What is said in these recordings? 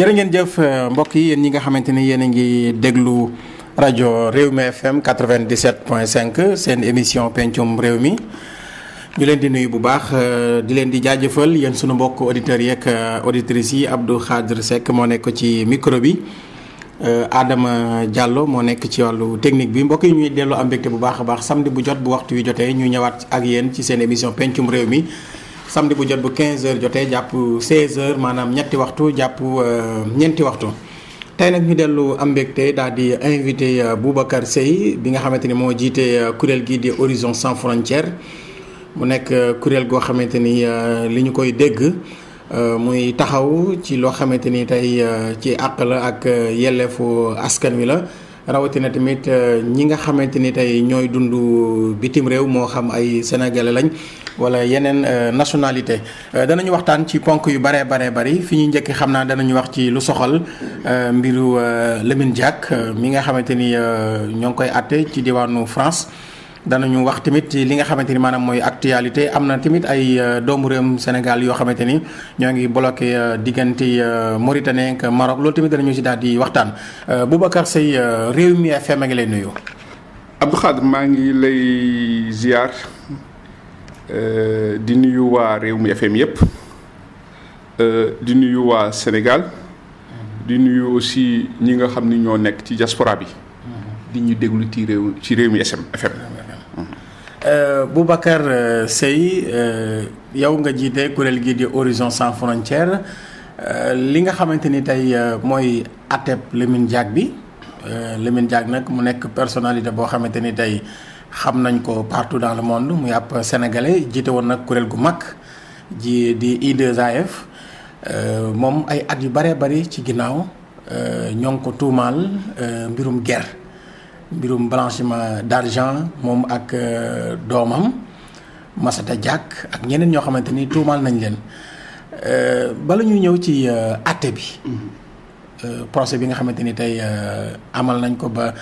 jërë ngeen jëf euh, mbokk yi yéen ñi nga xamante ni yéen a ngi déglu rajo réew mi FM 97.5 seen émission pencum réew mi ñu leen di nuyu bu baax euh, di leen di jaajëfal yéen sunu mbokk auditeurs yeeg euh, auditrices yi Abdou Khadre Seck moo nekk ci micro bi. aadama Diallo moo nekk ci wàllu technique bi mbokk yi ñuy dellu am mbégte bu baax a baax samedi bu jot bu waxtu wi jotee ñu ñëwaat ak yéen ci seen émission pencum réew mi. samedi bu jot bu 15h jotee jàpp 16h maanaam ñetti waxtu jàpp euh, ñenti waxtu. tey nag ñu dellu am mbégte daal di invité euh, Boubacar Seye bi nga xamante ni moo jiite euh, kuréel gi di Horizon Sans Frontières mu nekk kuréel goo xamante ni li ñu koy dégg. muy taxaw ci loo xamante ni tey ci àq la ak yelleefu askan wi la. rawatina tamit euh, ñi nga xamante ni tey ñooy dund bitim réew moo xam ay sénégalais lañ wala yeneen euh, nationalité euh, danañu waxtaan ci ponk yu baree baree bari fi ñuy njëkk xam naa danañu wax ci lu soxal mbiru Lamine Diack mi nga xamante ni ñoo ngi koy àtte ci diwaanu France. dana ñu wax tamit ci li nga xamante ni maanaam mooy actualité am na tamit ay euh, doomu réewum Sénégal yoo xamante ni ñoo ngi bloqué euh, diggante euh, Mauritanie ak Maroc loolu tamit danañu si daal di waxtaan Boubacar Seye Rewmi FM a ngi lay nuyu. Abdou Khadre maa ngi lay ziar di nuyu waa Rewmi FM yëpp di nuyu waa Sénégal di nuyu aussi ñi nga xam ni ñoo nekk ci diaspora bi. di ñu déglu ci réew ci Rewmi FM. Euh, Boubacar euh, Seye euh, yow nga jiite kuréel gi di Horizon Sans Frontières li nga xamante ni tey mooy ATEP Lamine jaag bi Lamine jaag nag mu nekk personnalité boo xamante ni tey xam nañ ko partout dans le monde muy ab sénégalais jiite woon nag kuréel gu mag ji di I2AF moom ay at yu bare bari ci ginnaaw ñoo ngi ko tuumaal mbirum guerre mbirum blanchiment d'argent moom ak euh, doomam Massata jàkk ak ñeneen ñoo xamante ni tuumaal nañ leen euh, bala ñuy ñëw ci àtte euh, bi mm-hmm. procès bi nga xamante ni tey amal nañ ko ba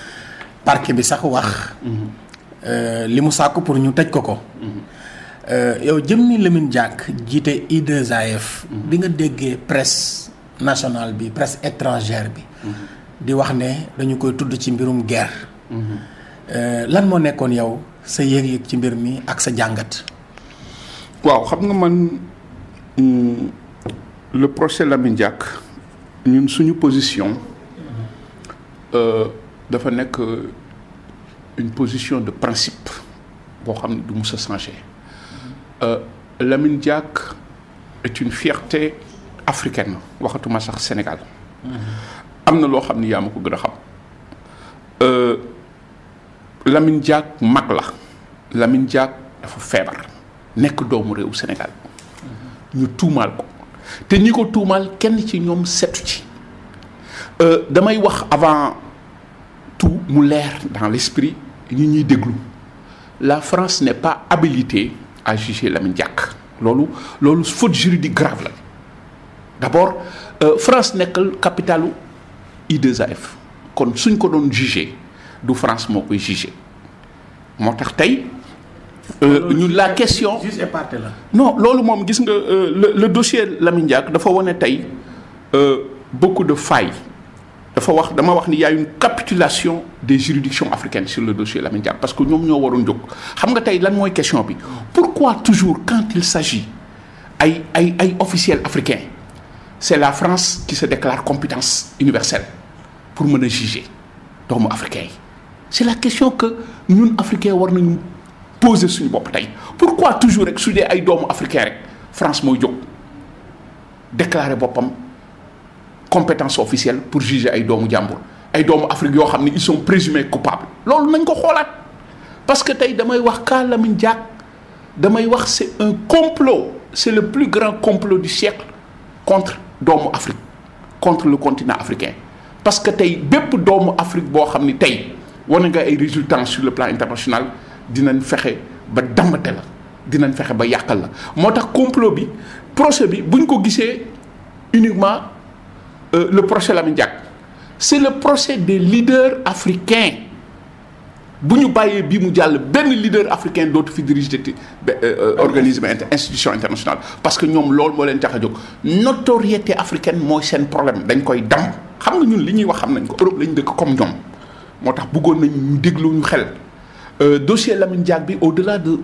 parquet bi sax wax mm-hmm. li mu sàkk pour ñu tëj ko ko mm-hmm. yow jëm ni Lamine Diack jiite IAAF bi nga déggee presse national bi presse étrangère bi di wax ne dañu koy tudd ci mbirum guerre Euh, lan moo nekkoon yow sa yéeg-yéeg ci mbir mi ak sa jàngat. waaw xam nga man hmm, le procès Lamine Diack ñun suñu position euh, dafa nekk une position de principe boo xam ne du mus a changé euh, Lamine Diack est une fierté africaine waxatuma sax Sénégal. Mm-hmm. am na loo xam ni yaa ma ko gën a xam. Lamine Diack mag la Lamine Diack dafa feebar nekk doomu réewu Sénégal ñu tuumaal ko te ni ko tuumaal kenn ci ñoom setu ci euh, damay wax avant tout mu leer dans l'esprit ñi ñuy déglu la France n'est pas habilitée à juger Lamine Diack loolu loolu faute juridique grave la d'abord euh, France nekkal capitalu I2AF kon suñ ko doon juger du France moo koy jugé moo tax tey. Euh, ñun la question juge et partie la. loolu moom gis nga euh, le dossier Lamine Diack dafa wane tey euh, beaucoup de failles dafa wax dama wax ni y a une capitulation des juridictions africaines sur le dossier Lamine Diack parce que ñoom ñoo waroon jóg xam nga tey lan mooy question bi pourquoi toujours quand il s'agit ay ay ay officiels africain c'est la France qui se déclare compétence universelle pour mën a juger mu africain yi c'est la question que ñun africain war nañu poser suñu bopp tey pourquoi toujours rek su dee ay doomu africain rek France mooy jóg déclarer boppam compétence officielle pour juger ay doomu jàmbur ay doomu Afrique yoo xam ne ils sont présumés coupables loolu nañ ko xoolaat parce que tey damay wax Ka Lamine Diack damay wax c'est un complot c'est le plus grand complot du siècle contre doomu Afrique contre le continent africain parce que tey bépp doomu Afrique boo xam ni tey wane nga ay résultats sur le plan international dinañ fexe ba dammate la dinañ fexe ba yàqal la moo tax complot bi procès bi buñ ko gisee uniquement euh, le procès Lamine Diack c'est le procès des leaders africains bu ñu bàyyee bi mu jàll benn leader africain dootu fi diriger euh, euh, organisme institution internationale parce que ñoom lool moo leen tax a jóg notoriété africain mooy seen problème dañ koy dam xam nga ñun li ñuy wax xam nañ ko Europe lañ dëkk comme ñoom moo tax bëggoon nañ ñu déglu ñu xel euh, dossier Lamine Diack bi au-delà de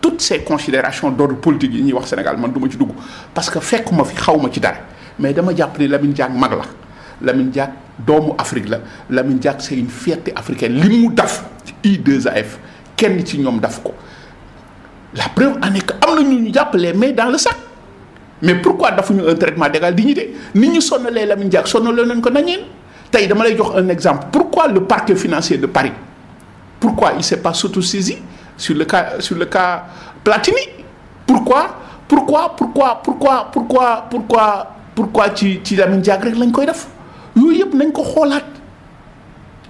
toutes ces considérations d'ordre politique yi ñuy wax Sénégal man duma ci dugg parce que fekkuma fi xaw ma ci dara mais dama jàpp ni Lamine Diack mag la Lamine Diack doomu Afrique la Lamine Diack c'est une fierté africaine li mu daf ci i af kenn ci ñoom daf ko la preuve en am na ñu ñu jàppalee mais dans le sac mais pourquoi dafuñu un traitement d'égale dignité nit ñu sonnalee Lamine Diack sonnaloo nañ ko nañeen tey dama lay jox un exemple pourquoi le parquet financier de Paris pourquoi il s'est pas autosaisi sur le cas sur le cas Platini pourquoi pourquoi pourquoi pourquoi pourquoi pourquoi pourquoi ci ci Lamine Diack rek lañ koy def yooyu yëpp nañ ko xoolaat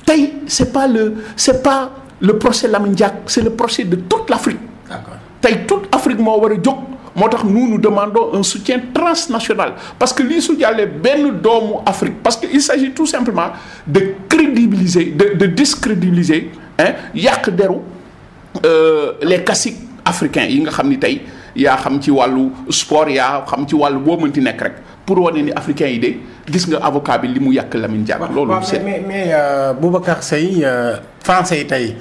tey c'est pas le c'est pas le procès Lamine Diack c'est le procès de toute l'Afrique d'accord tey toute Afrique moo war a jóg moo tax nous nous demandons un soutien transnational parce que lii su jàllee benn doomu Afrique parce que il s'agit tout simplement de crédibiliser de de discrédibiliser hein yàq deru euh, les classiques africains yi nga xam ni tey yaa xam ci wàllu sport yaa xam ci wàllu boo mënti nekk rek pour wane ni africain yi de gis nga avocat bi li mu yàq Lamine Diack. loolu c'est mais mais euh, Boubacar Seye euh, français yi tey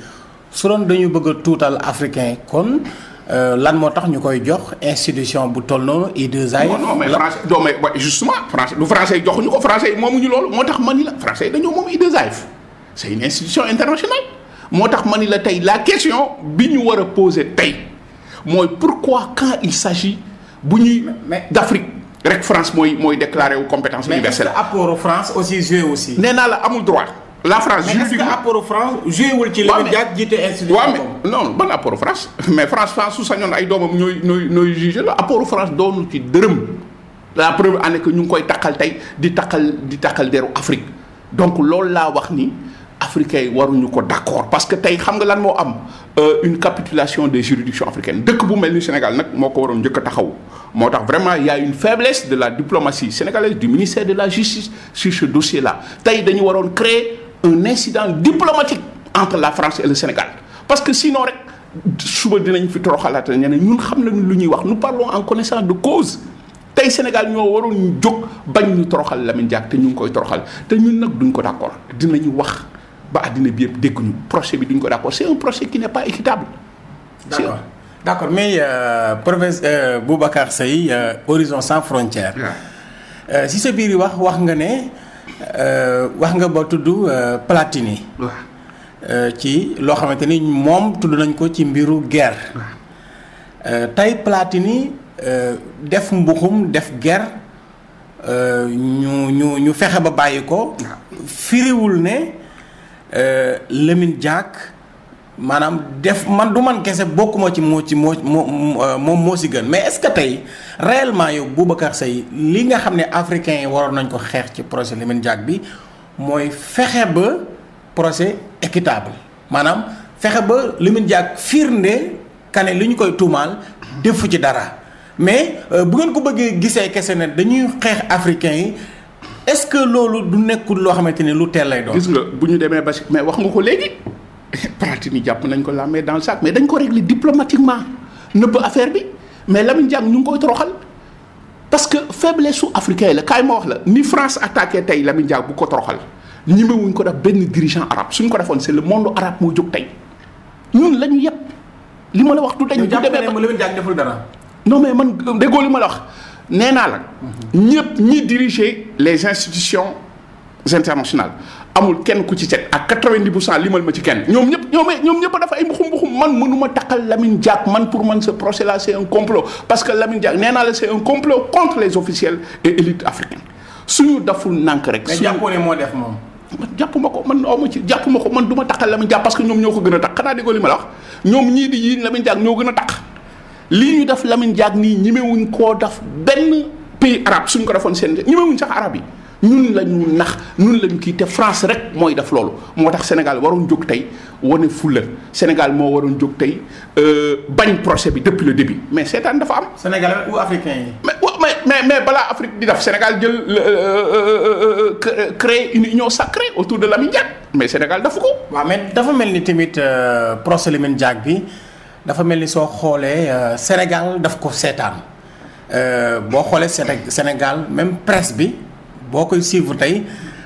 su doon dañu bëgg a tuutal africain kon. Euh, lan moo tax ñu koy jox institution bu toll noonu I2A. non non mais français non mais justement français lu français yi joxuñu ko français yi ñu loolu moo tax ma ni la français dañoo moom I2AF c' est une institution internationale moo tax ma ni la tey la question bi ñu war a poser tey mooy pourquoi quand il s'agit bu ñuy d' Afrique rek France mooy mooy déclaré wu compétence universelle. mais apport France aussi joué aussi. nee naa la amul droit. la France juridiquement mais est-ce que apport France joué wul ci. waaw mais non ban apport France mais France France su sañoon ay doomam ñooy ñooy ñooy jugé la apport France doonul ci dërëm la preuve en ñu ngi koy takkal tey di takkal di takkal deru Afrique donc loolu laa wax ni africains yi waruñu ko d'accord parce que tey xam nga lan moo am euh, une capitulation des juridictions africaines dëkk bu mel ni Sénégal nag moo ko waroon njëkk a taxaw moo tax vraiment yaa y a une faiblesse de la diplomatie sénégalaise du ministère de la justice sur ce dossier tey dañu waroon créer. un incident diplomatique entre la France et le Sénégal parce que sinon rek suba dinañ fi toroxalaat ne ne ñun xam nañ lu ñuy wax nu parlons en connaissance de cause tey Sénégal ñoo waroon ñu jóg bañ ñu toroxal Lamine Diack te ñu ngi koy toroxal te ñun nag duñ ko d'accord dinañu wax ba àddina bi yëpp dégguñu projet bi duñ ko d'accord c'est un procès qui n'est pas équitable. d'accord d'accord mais euh, professeur euh, Boubacar Seye euh, Horizon sans frontières. Euh, si sa biir wax wax nga ne. Euh, wax nga ba tudd euh, Platini. Euh, ci loo xamante ni moom tudd nañ ko ci mbiru guerre. tey Platini def mbuxum def guerre ñu ñu ñu fexe ba bàyyi ko. firiwul ne Lamine Diack maanaam def man du man kese bokkuma ci moo ci moo moom moo si gën mais est-ce que tey réellement yow Boubacar Seye li nga xam ne africains yi waroon nañ ko xeex ci procès Lamine Diack bi mooy fexe ba procès équitable maanaam fexe ba Lamine Diack firnde kane li ñu koy tuumaal defu ci dara mais euh, bu ngeen ko bëggee gisee kese ne dañuy xeex africains yi est-ce que loolu du nekkul loo xamante ni lu teel lay doon. gis nga bu ñu demee ba mais wax nga ko léegi. Platini jàpp nañ ko làmmee dans le sac mais dañ ko régler diplomatiquement nëbb affaire bi mais Lamine Diack ñu ngi koy toroxal parce que faiblesse su africain la kaay ma wax la ni France attaqué tey Lamine Diack bu ko toroxal ñemewuñ ko def benn dirigeant arabe suñ ko defoon c'est le monde arabe moo jóg tey ñun la ñu yëpp li ma la wax du dañ. du demee Lamine Diack deful dara. non mais man déggoo li ma la wax nee naa la. Mhm. ñëpp ñi diriger les institutions internationales. amul kenn ku ci set ak 90 pour cent limal ma ci kenn ñoom ñëpp ñoom ñoom ñëpp dafa ay mbuxum mbuxum man mënuma takkal Lamine Diack man pour man ce procès là c' est un complot parce que Lamine Diack nee la c' un complot contre les officiels et élites africaines suñu daful nànk rek. suñu mais moo def moom. man ma ko man aw ma ci jàpp ma ko man du ma takkal Lamine Diack parce que ñoom ñoo ko gën a takk xanaa déggoo li ma la wax ñoom ñii di yiñ Lamine Diack ñoo gën a takk lii ñu def Lamine Diack nii ñemewuñ koo def benn pays arabe suñ ko defoon seen ñemewuñ sax arab yi ñun la ñu nax ñun la ñu kii te France rek mooy def loolu moo tax Sénégal waroon jóg tey wane fulla Sénégal moo waroon jóg tey euh, bañ procès bi depuis le début mais seetaan dafa am. Sénégalais ou africain yi. mais mais mais balaa Afrique di def Sénégal jël euh, euh, créer une union sacrée autour de Lamine Diack mais Sénégal dafa ko. waaw mais dafa mel ni tamit procès Lamine jaag bi dafa mel ni soo xoolee Sénégal daf ko seetaan boo xoolee Sénégal même presse bi. boo koy suivre tey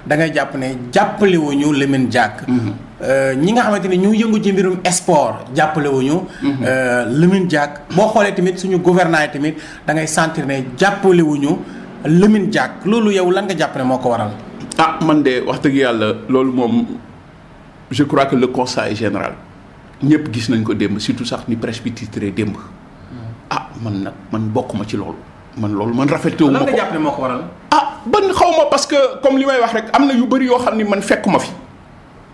da ngay jàpp ne jàppale wu ñu Lamine Diack. Mhm. Euh, ñi nga xamante ne ñu yëngu ci mbirum sport jàppale wu ñu. Mhm. Euh, Lamine Diack boo xoolee tamit suñu gouvernant yi tamit da ngay sentir ne jàppale wu ñu Lamine Diack loolu yow lan nga jàpp ne moo ko waral. ah man de wax dëgg yàlla loolu moom je crois que le constat est général ñëpp gis nañ ko démb surtout sax ni presse bi titré démb. Mhm. ah man nag man bokkuma ci loolu. man loolu man rafetewuma ko lan nga jàpp moo ko waral. Ah, ban xaw ma parce que comme li may wax rek am na yu bëri yoo xam ni man fekkuma fi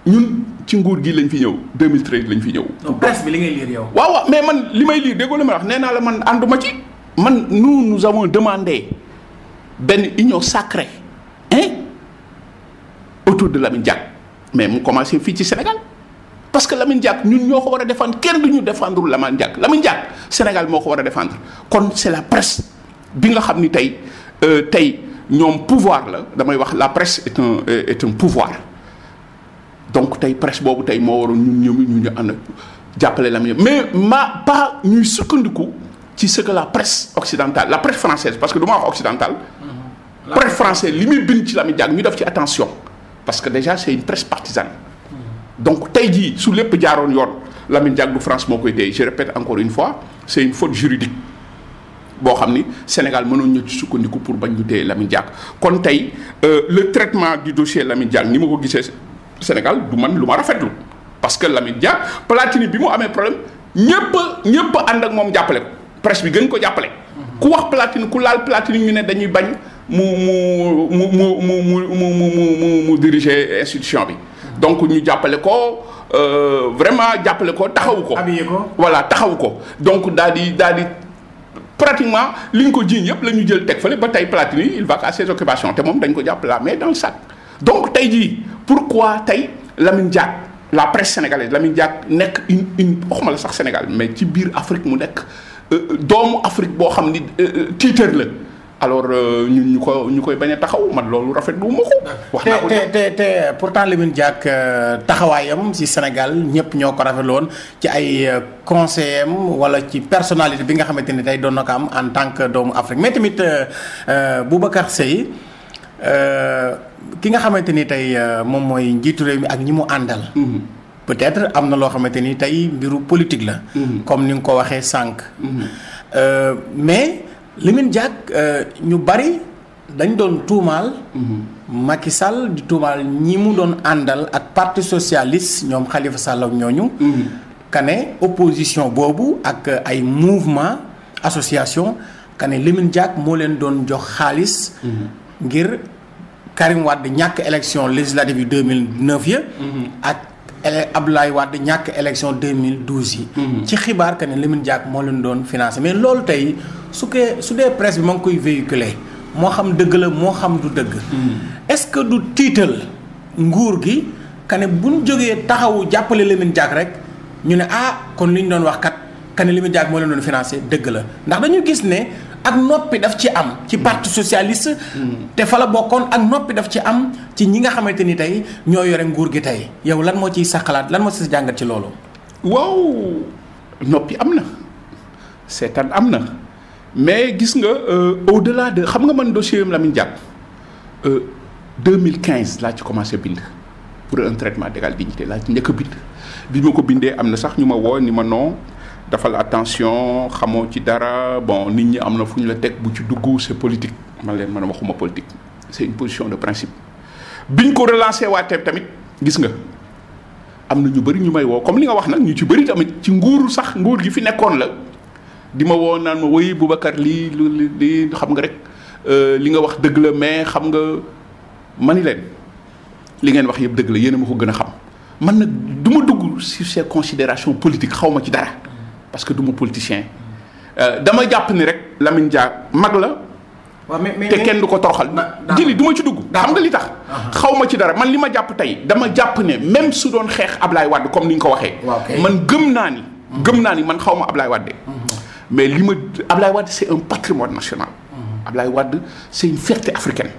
ñun ci nguur gi lañ fi ñëw 2013 lañ fi ñëw. donc presse bi li ngay lire yow. waaw mais man li may lire déggoo li may wax nee naa la man ànduma ci. man nous nous samoon demandé benn union sacrée hein autour de Lamine Diack mais mu commencé fii ci Sénégal parce que Lamine Diack ñun ñoo ko war a défendre kenn du ñu défendre Lamine Diack Lamine Diack Sénégal moo ko war a défendre kon c'est la presse bi nga xam ni tey euh, tey. ñoom pouvoir la damay wax la presse est un est pouvoir donc tey presse boobu tey moo waroon ñun ñoom ñu ñu na jàppale la mais ma pas ñuy sukkandiku ci ce que la presse occidentale la presse française parce que du ma wax occidentale. Mhm. la presse française li muy bind ci Lamine Diack ñu def ci attention parce que déjà c'est une presse partisane. Mhm. donc tey jii su lépp jaaroon yoon Lamine Diack du France moo koy téye je répète encore une fois c'est une faute juridique. boo xam ni Sénégal mënoon ñu ci sukkandiku pour bañ ñu téye Lamine Diack kon tey le traitement du dossier Lamine Diack ni ma ko gisee Sénégal du man lu ma rafetlu parce que Lamine Diack Platini bi mu amee problème ñëpp ñëpp ànd ak moom jàppale ko presse bi gën ko jàppale. ku wax Platini ku laal Platini ñu ne dañuy bañ mu mu mu mu mu mu mu mu diriger bi. donc ñu jàppale ko vraiment jàppale ko taxawu ko. habillé ko voilà taxawu ko donc daal di daal di. pratiquement li ñu ko jiiñ yëpp la ñu jël teg fale ba tey Platini il va à ses occupations te moom dañ ko jàpp la main dans le sac donc tey jii pourquoi tey Lamine Diack la presse sénégalaise Lamine Diack nekk une une waxuma la sax Sénégal mais ci biir Afrique mu nekk euh, euh, doomu Afrique boo xam ni euh, tiitër la alors euh, ñun ñu ko ñu koy bañ a taxaw man loolu rafet lu ma ko. wax naa ko te te euh, taxawaayam ci Sénégal ñëpp ñoo ko rafetlu woon ci ay euh, conseillers am wala ci personnalité bi nga xamante ni tey doon na ko am en tant que doomu Afrique mais tamit Boubacar Seye ki nga xamante ni tey moom mooy njiitu réew mi ak ñi mu àndal. Mm-hmm. peut-être am na loo xamante ni tey mbiru politique la. Mm-hmm. comme ni nga ko waxee sànq. Mm-hmm. mais. Lamine Diack euh, ñu bari dañ doon tuumaal. Mhm. Macky Sall di tuumaal ñi mu doon àndal ak parti socialiste ñoom xalifa Sall ak ñooñu. Mhm. kane opposition boobu ak euh, ay mouvement association kane Lamine Diack moo leen doon jox xaalis. Mhm. ngir Karim Wade ñàkk élection législative yu 2009 ya ak Abdoulaye Wade ñàkk élection 2012 yi. ci xibaar kane Lamine Diack moo leen doon financé mais loolu tey. su kee su dee presse bi ma ngi koy véhiculer moo xam dëgg la moo xam du dëgg. Mm. est-ce que du tiital nguur gi kane bu ñu jógee taxawu jàppale Lamine Diack rek ñu ne ah kon li ñu doon wax kat kane Lamine Diack moo leen doon financé dëgg la ndax dañu gis ne ak noppi daf ci am ci mm. parti socialist mm. te fa la bokkoon ak noppi daf ci am ci ñi nga xamante ni tey ñoo yore nguur gi tey yow lan moo ciy sa xalaat lan moo ci sa jàngat ci loolu. waaw noppi am na seetaan am na. mais gis nga euh, au delà de xam nga man dossier yam Lamine Diack 2015 euh, laa ci commencé bind pour un traitement ñu dignité laa ci njëkk a bind bi ma ko bindee am na sax ñu ma woo ni ma non defal attention xamoo ci dara bon nit ñi am na fu ñu la teg bu ci dugg c'est politique man leen man waxuma politique c'est une position de principe ñu ko relancé waatee tamit gis nga am na ñu bëri ñu may woo comme li nga wax nag ñu ci bëri tamit ci nguur sax nguur gi fi nekkoon la di ma woo naan ma woy Boubacar lii lii xam nga rek euh, li nga wax dëgg la mais xam nga ni leen li ngeen wax yëpp dëgg la yéen ma ko gën a xam man nag du ma dugg sur ces considérations politiques xaw ma ci dara parce que du ma politicien euh, dama jàpp ni rek lamin Dia mag la. te kenn du ko toroxal. jili du duma ci dugg. xam nga li tax. xaw ma ci dara man li ma jàpp tey dama jàpp ne même su doon xeex Ablaye Wade comme ni ñu ko waxee. man gëm naa ni. gëm naa ni man xaw ma Ablaye Wade. Mhm. mais li ma Ablaye Wade c'est un patrimoine national. Mm-hmm. Ablaye Wade c'est une fierté africaine.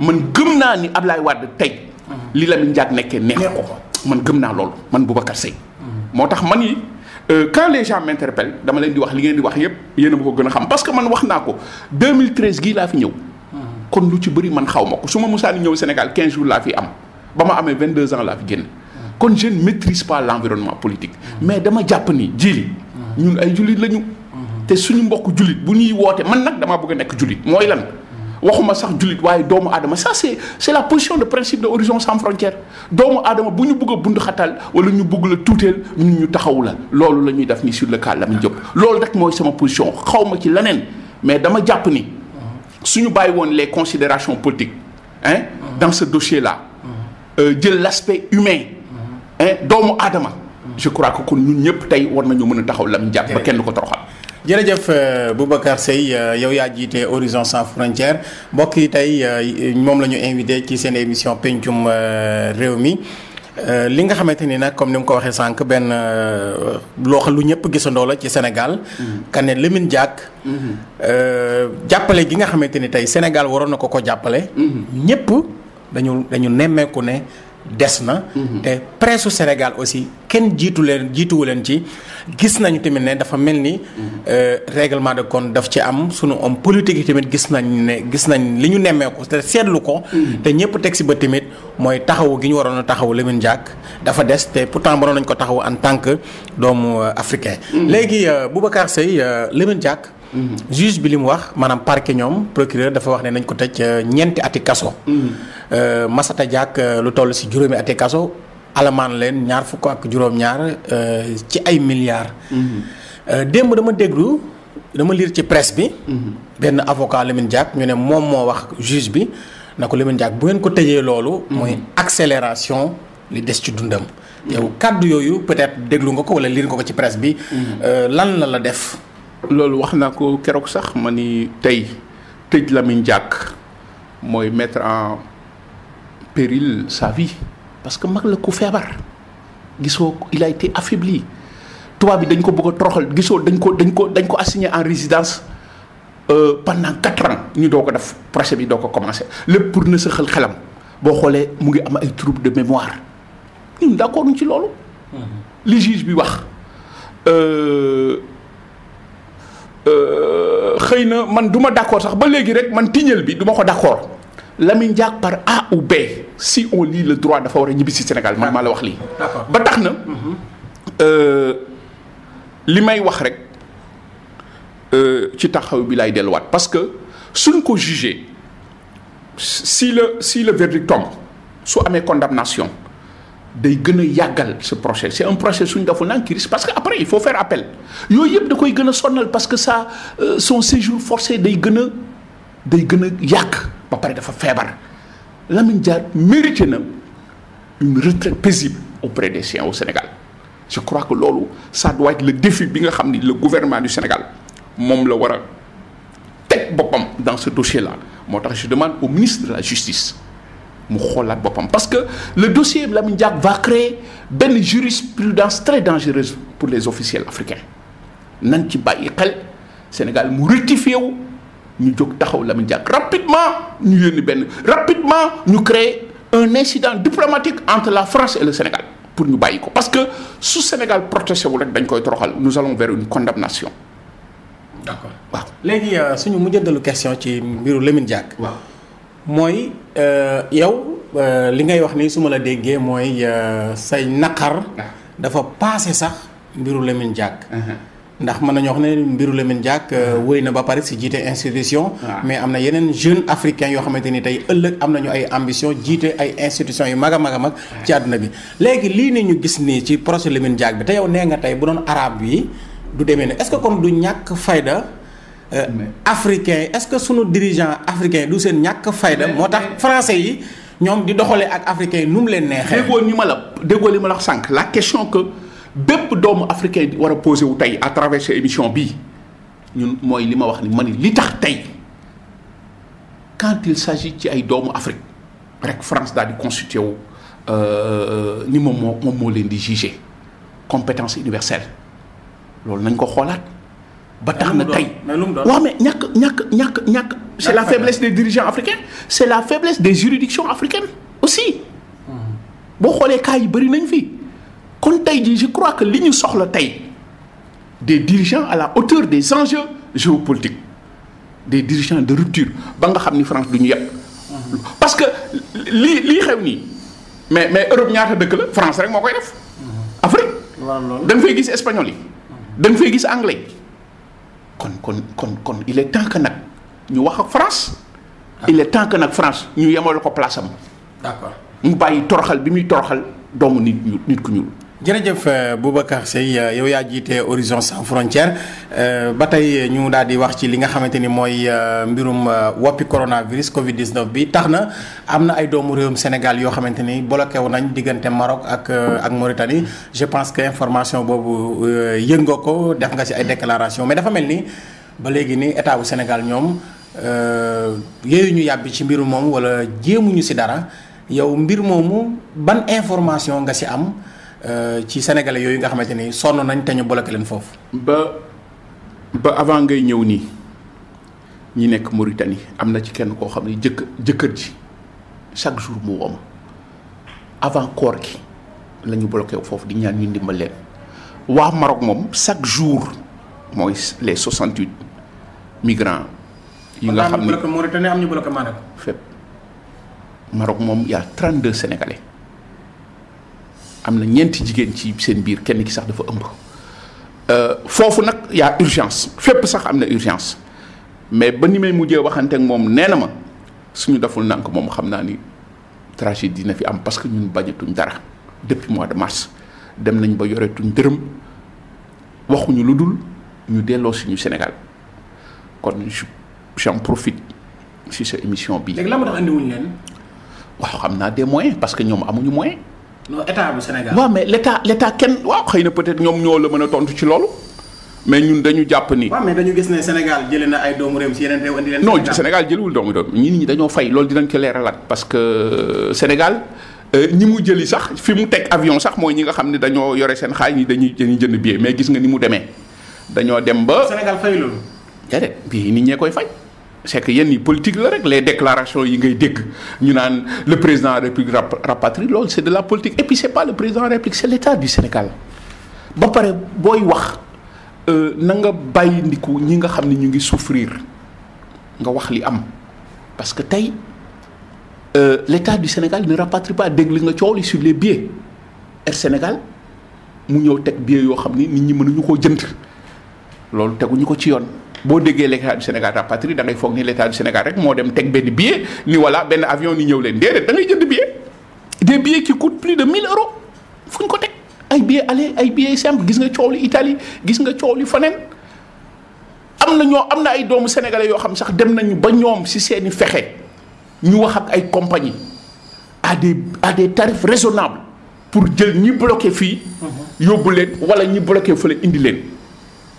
Mm-hmm. man gëm naa ni Ablaye Wade tey. Mm-hmm. li Lamine Diack nekkee neex ko man gëm naa loolu man Boubacar Seye. moo tax man yi euh, quand les gens m'interpellent dama leen di wax li ngeen di wax yépp yéen a ko gën a xam parce que man wax naa ko 2013 gii laa fi ñëw. kon lu ci bëri man xaw ma ko su ma musaani ñëw Sénégal 15 jours laa fi am ba ma amee 22 ans laa fi génn. kon je ne maîtrise pas l'environnement politique. mais dama jàpp ni jii ñun ay jullit lañu. te suñu mbokk jullit bu ñuy wootee man nag dama bëgg a nekk jullit mooy lan waxuma sax jullit waaye doomu aadama ça c'est c'est la position de principe de horizon sans frontière doomu aadama bu ñu bëgg a bund xatal wala ñu bugg la tuuteel ñun ñu taxawu la loolu la ñuy def ni sur le cas Lamine Diop loolu mooy sama position xaw ma ci leneen mais dama jàpp ni suñu bàyyi woon les considérations politiques hein dans ce dossier la euh, jël euh, l'aspect humain hein doomu adama je crois que kon ñun ñëpp tey war nañu mën a taxaw Lamine Diop ba kenn ko toroxal jërëjëf euh, Boubacar Seye euh, yow yaa jiite Horizon Sans Frontières mbokk yi tey euh, moom la ñu invité ci seen émission pencum réew mi li nga xamante ni nag comme ni mu ko waxee sànq benn loo xam lu ñëpp gisandoo la ci Sénégal. Mm-hmm. kan ne Lamine mm-hmm. jàppale gi nga xamante ni tey Sénégal waroon na ko ko jàppale. Mm-hmm. ñëpp dañu dañu nemmeeku ne. des na. Mhm. te presse Sénégal aussi kenn jiitu leen jiituwu leen ci gis nañu tamit ne dafa mel ni. Mhm. Euh, règlement de kon daf ci am sunu om politique yi tamit gis nañ ne gis nañ li ñu nemmeeku te seetlu ko. Mhm. te ñëpp teg si ba tamit mooy taxawu gi ñu waroon a taxawu Lamine Diack dafa des te pour pourtant mënoon nañ ko taxawu en tant que doomu euh, africain. léegi euh, Boubacar Seye Lamine Diack. Mm-hmm. juge bi li mu wax maanaam parquet ñoom procureur dafa wax ne nañ ko tëj euh, ñeenti ati kaso. Mm-hmm. Euh, Massata Diack euh, lu toll si juróomi ati kaso alamaan leen ñaar fukk ak juróom-ñaar ci ay milliards. Mm-hmm. démb dama déglu dama lire ci presse bi. benn avocat Lamine Diack ñu ne moom moo wax juge bi na ko Lamine Diack bu ngeen ko tëjee loolu. mooy accélération li des ci dundam. yow kàddu yooyu peut-être déglu nga ko walla lire nga ko ci presse bi. lan la la def. loolu wax naa ko keroog sax ma ni tey tëj Lamine Diack mooy mettre en péril sa vie parce que mag la ku feebar gisoo il a été affaibli tubaab bi dañ ko bëgg a toroxal gisoo dañ ko dañ ko dañ ko assigné en résidence euh, pendant quatre ans ñu doo ko def procès bi doo ko commencé lépp pour na sëxal xelam boo xoolee mu ngi am ay trouble de mémoire ñun d'accord ci loolu. Mm-hmm. li juge bi wax. Euh, Euh, xëy na man du ma d'accord sax ba léegi rek man tiñal bi duma ko d'accord Lamine Diack par A ou B si on lit le droit dafa war a ñibbi si Sénégal man maa la wax lii. ba tax na mhm. euh, li may wax rek euh, ci taxaw bi laay delluwaat parce que suñ ko jugé si la si le verdict tombe su amee condamnation. day gën a yàggal ce projet c'est un projet suñ deful naan kiris parce que après il faut faire appel yooyu yëpp da koy gën a sonnal parce que ça euh, son séjour forcé day gën a day gën a yàgg ba pare dafa feebar Lamine jaar mérité na une retraite paisible auprès des siens au Sénégal je crois que loolu ça doit être le défi bi nga xam ni le gouvernement du Sénégal moom la war a teg boppam dans ce dossier là moo tax je demande au ministre de la justice mu xoolaat boppam parce que le dossier Lamine Diack va créer benn jurisprudence très dangereuse pour les officiels africains nañ ci bàyyi xel Sénégal mu rectifié wu ñu jóg taxaw Lamine Diack rapidement ñu yónni benn rapidement ñu créer un incident diplomatique entre la France et le Sénégal pour ñu bàyyi ko parce que su Sénégal protesté wu rek dañ koy toroxal nous allons vers une condamnation. d'accord waaw léegi euh, suñu mujjantalu question ci mbiru Lamine Diack waaw mooy euh, yow euh, li ngay wax nii su ma la déggee mooy euh, say naqar ah. dafa paase sax mbiru Lamine Diack uh-huh. ndax mën nañu wax ne mbiru Lamine Diack uh-huh. wéy na ba pare si jiite institution ah. mais am na yeneen jeunes africains yoo xamante ni tey ëllëg am nañu ay ambition jiite ay institution yu mag a mag a mag ci ah. àdduna bi léegi lii ne ñu gis nii ci projet Lamine Diack bi te yow nee nga tey bu doon arabe yi du demee ne est-ce que comme du ñàkk fayda Euh, africain est-ce que sunu dirigeant africain du seen ñàkk fayda moo tax français yi ñoom di doxalee ak africain yi nu mu leen neexee. déggoo ñu ma la déggoo li ma la sànq la question que bépp doomu africain war a posé wu tey à travers émission bi ñun mooy li ma wax ni man ni li tax tey quand il s'agit ci ay doomu Afrique rek France daal di constitué wu euh, ni moom moo moom moo leen di jugé compétence universelle loolu nañ ko xoolaat. ba tax na tey waaw mais ñàkk ñàkk ñàkk ñàkk c'est la faiblesse des dirigeants africains c'est la faiblesse des juridictions africaines aussi hmm. boo xoolee cas yi bëri nañ fii kon tey jii je crois que li ñu soxla tey des dirigeants à la hauteur des enjeux géopolitiques des dirigeants de rupture ba nga xam ni France du ñu yàpp hmm. parce que li lii xew nii mais mais Europe ñaata dëkk la France rek moo koy def hmm. Afrique da nga fay gis espagnol yi da nga fay gis anglais kon kon kon kon il tànk nag ñu wax ak France. Ah. il tànk nag France ñu yemal ko place am. d'accord mu bàyyi toroxal bi muy toroxal doomu nit nit ku ñuul. jërëjëf euh, Boubacar Seye euh, yow yaa jiite Horizon Sans Frontières euh, ba tey ñu daal di wax ci li nga xamante ni mooy mbirum woppi coronavirus Covid 19 bi tax na am na ay doomu réewum Sénégal yoo xamante ni bloqué wu nañ diggante Maroc ak ak Mauritanie je pense que information boobu yëngoo ko def nga ci ay déclaration mais dafa mel ni ba léegi ni état bu Sénégal ñoom yooyu ñu yàbbi ci mbiru moom wala jéemuñu ci dara yow mbir moomu ban information nga ci am. Euh, ci sénégalais yooyu nga xamante ni sonn nañ te ñu bloqué leen foofu. ba ba avant ngay ñëw nii ñi nekk Mauritanie am na ci kenn koo xam ne jëkk jëkkër ji chaque jour mu woo ma avant koor gi la ñu bloqué foofu di ñaan ñu ndimbal leen waa Maroc moom chaque jour mooy les 68 migrants. yi nga xam ne am ñu bloqué Mauritanie am ñu bloqué Maroc. fépp moom y' trent 32 sénégalais. am na ñeenti jigéen ci seen biir kenn ki sax dafa ëmb euh, foofu nag yaa urgence fépp sax am na urgence mais ba ni may mujjee waxante ak moom nee na ma suñu deful nànk moom xam naa ni tragédie dina fi am parce que ñun bañatuñ dara depuis mois de mars dem nañ ba yoretuñ dërëm waxuñu lu dul ñu delloo suñu Sénégal kon j'en profite si sa émission bi léegi la ma tax andiwuñ leen waaw xam naa des moyens parce que ñoom amuñu moyen non état bu Sénégal. waaw mais l' état l' état kenn waaw xëy na peut-être ñoom ñoo la mën a tontu ci loolu. mais ñun dañu jàpp ni. waaw mais dañu gis ne Sénégal jëlee na ay doomu réew si yeneen réew indi leen. non Sénégal jëliwul doomu réew ñun ñi dañoo fay loolu dinañ ko leeralaat parce que euh, Sénégal euh, ñi mu jëli sax fi mu teg avion sax mooy ñi nga xam ne dañoo yore seen xaay ñi dañuy dañuy jënd billet mais gis nga ni mu demee dañoo dem ba. Sénégal fay loolu. déedéet bii nit ñee koy fay. c'est que yenn yi politique la rek les déclarations yi ngay dégg ñu naan le président de la république rapatrie loolu c'est de la politique et puis c'est pas le président de la c'est l'état du Sénégal ba pare booy wax euh, na nga bàyyi ndiku ñi nga xam ne ñu ngi souffrir nga wax li am parce que tey euh, l'état du Sénégal ne rapatrie pas dégg li nga coow li sur les Air Sénégal mu ñëw teg billets yoo xam ni nit ñi mënuñu koo jënd loolu teguñu ko ci yoon. boo déggee l'état du Sénégal rapatrie da ngay foog ni l'état du Sénégal rek moo dem teg benn billet ni voilà benn avion ni ñëw leen déedéet da ngay jënd billet des billets qui coûtent plus de 1000 euros fu ñu ko teg ay billets aller ay billets simple gis nga coow li Italie gis nga coow li faneen am na ñoo am na ay doomu sénégalais yoo xam sax dem nañu ba ñoom si seeni fexe ñu wax ak ay compagnie à des à des pour jël ñi bloqué fii. Mhm. yóbbu leen wala ñi bloqué fële indi leen.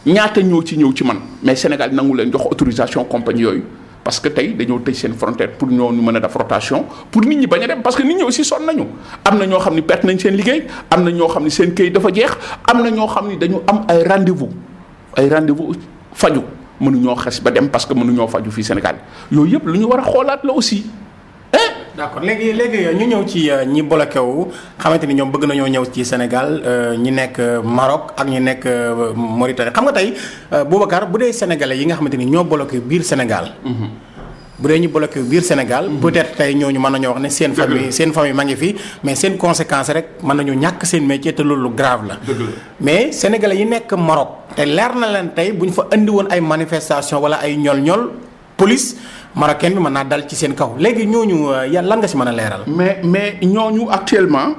ñaata ñoo ci ñëw ci man mais Sénégal nangu leen jox autorisation compagnie yooyu parce que tey dañoo tëj seen frontière pour ñoo ñu mën a def rotation pour nit ñi bañ a dem parce que nit ñi aussi sonn nañu am na ñoo xam ni perte nañ seen liggéey am na ñoo xam ni seen këyit dafa jeex am na ñoo xam ni dañu am ay rendez-vous ay rendez-vous faju mënuñoo xes ba dem parce que mënuñoo faju fii Sénégal yooyu yëpp lu ñu war a xoolaat la aussi hein d' accord léegi léegi euh, ñu ñëw ci euh, ñi bloqué wu xamante ni ñoom bëgg nañoo ñëw ci Sénégal euh, ñi nekk Maroc ak ñi nekk Mauritanie xam nga tey Boubacar bu dee sénégalais yi nga xamante ni ñoo bloqué biir Sénégal. Mhm. bu dee ñu bloqué biir Sénégal. Mhm. peut-être tey ñooñu mën nañoo wax ne seen famille seen famille ma ngi fi mais seen conséquence rek mën nañu ñàkk seen métier te lu grave la. mais sénégalais yi nekk Maroc. te leer na leen tey bu ñu fa indi woon ay manifestation wala ay ñol-ñol police. marocain bi mën naa dal ci seen kaw léegi ñooñu euh, yan lan nga si mën a leeral. mais mais ñooñu actuellement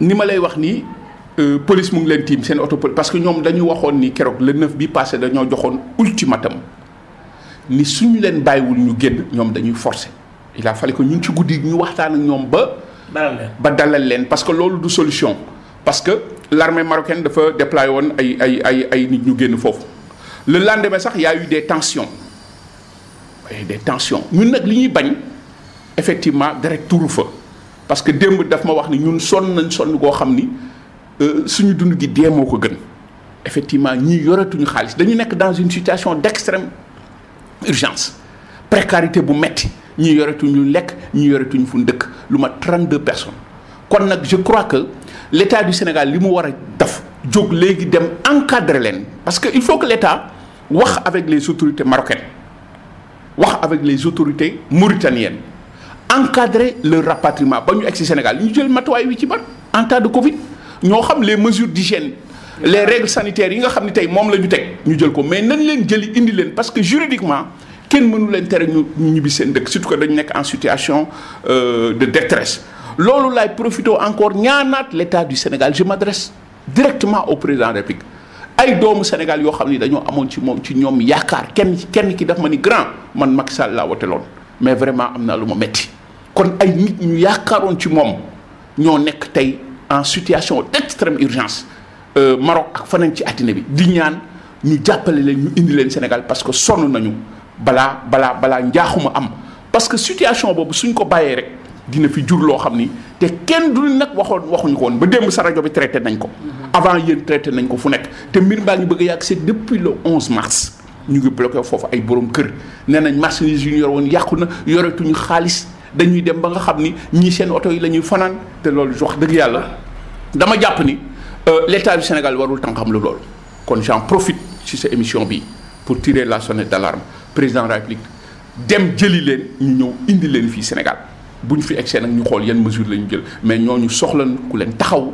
ni ma lay wax nii euh, police mu ngi leen tiim seen auto parce que ñoom dañuy waxoon ni keroog le 9 bi passé dañoo joxoon ultimatum ni suñu leen bàyyiwul ñu génn ñoom dañuy forcer il a fallu que ci guddi ñu waxtaan ak ñoom ba. dalal leen ba dalal leen parce que loolu du solution. parce que l' armée dafa déployé woon ay ay ay ay nit ñu génn foofu le lendemain sax yaa a eu des tensions. et des tensions ñun nag li ñuy bañ effectivement dara turu fa parce que démb daf ma wax ni ñun sonn nañ sonn koo xam ni euh, suñu dund gi dee moo ko gën effectivement ñii yoretuñu xaalis dañu nekk dans une situation d'extrême urgence précarité bu metti ñii yoretuñu lekk ñii yoretuñu fu dëkk lu ma deux personnes kon nag je crois que l'État du Sénégal li mu war a def jóg léegi dem encadre leen parce que il faut que l'État wax avec les autorités marocaines wax avec les autorités mauritaniennes encadrer le rapatriement ba ñu egg Sénégal ñu jël matuwaay wi ci ba en temps de Covid ñoo xam les mesures d'hygiène les règles sanitaires yi nga xam ne tey moom la ñu teg ñu jël ko mais nañ leen jëli indi leen parce que juridiquement kenn mënu leen tere ñu ñibbi seen dëkk surtout que dañu nekk en situation euh, de détresse loolu laay profité encore ñaanaat l' état du Sénégal je m'adresse directement au président de la ay doomu Sénégal yoo xam ni dañoo amoon ci moom ci ñoom yaakaar kenn kenn ki daf ma ni grand man Macky Sall laa woteloon mais vraiment am naa lu ma métti kon ay nit ñu yaakaaroon ci moom ñoo nekk tey en situation d'extrême urgence euh, Maroc ak faneen ci àddina bi du ñaan ñu jàppale leen ñu indi leen Sénégal parce que sonn nañu balaa bala balaa njaaxuma am parce que situation boobu suñ ko bàyyee rek. dina fi jur loo xam ni te kenn du nag waxoon waxuñu ko woon ba démb sa rajo bi traité nañ ko. avant yéen traité nañ ko fu nekk te mbir mbaa ngi bëgg yàgg see depuis le 11 mars ñu ngi bloqué foofu ay boroom kër nee nañ marchandise yu ñu yor woon yàqu na yoretuñu xaalis dañuy dem ba nga xam ni ñii seen oto yi lañuy fanaan te loolu wax dëgg yàlla dama jàpp ni euh, l'état du Sénégal warul tànqam lu lool kon j'en profit ci sa émission bi pour tirer la sonnette d'alarme président de la République dem jëli leen ñu ñëw indi leen fii Sénégal. bu ñu fi egsee nag ñu xool yan mesure la ñu jël mais ñooñu soxla ku leen taxaw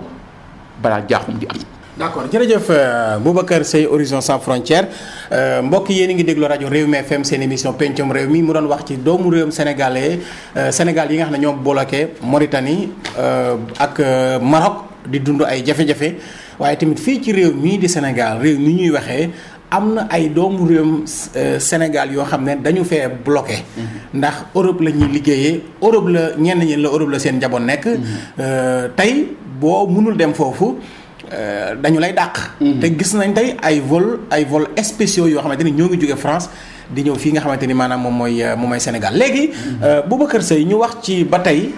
balaa jaaxum di am. d' accord jërëjëf euh, Boubacar Seye Horizon Sans Frontières euh, mbokk yéen a ngi déglu rajo Réew mi FM seen émission pencum réew mii mu doon wax ci doomu réewum senegalee euh, Sénégal yi nga xam ne ñoo bloqué Mauritanie ak Maroc di dund ay jafe-jafe waaye tamit fii ci réew mii di Sénégal réew mi ñuy waxee am na ay doomu réewum euh, Sénégal yoo xam ne dañu fee bloqué. Mm-hmm. ndax Europe la ñuy liggéeyee Europe la ñenn ñi la Europe la seen njaboot nekk. Mm-hmm. Euh, tey boo mënul dem foofu. Euh, dañu lay dàq. Mm-hmm. te gis nañ tey ay vol ay vol spéciaux yoo xamante ni ñoo ngi France di ñëw fii nga xamante ni maanaam moo mooy moom léegi Sénégal léegi. Boubacar Seye ñu wax ci ba tey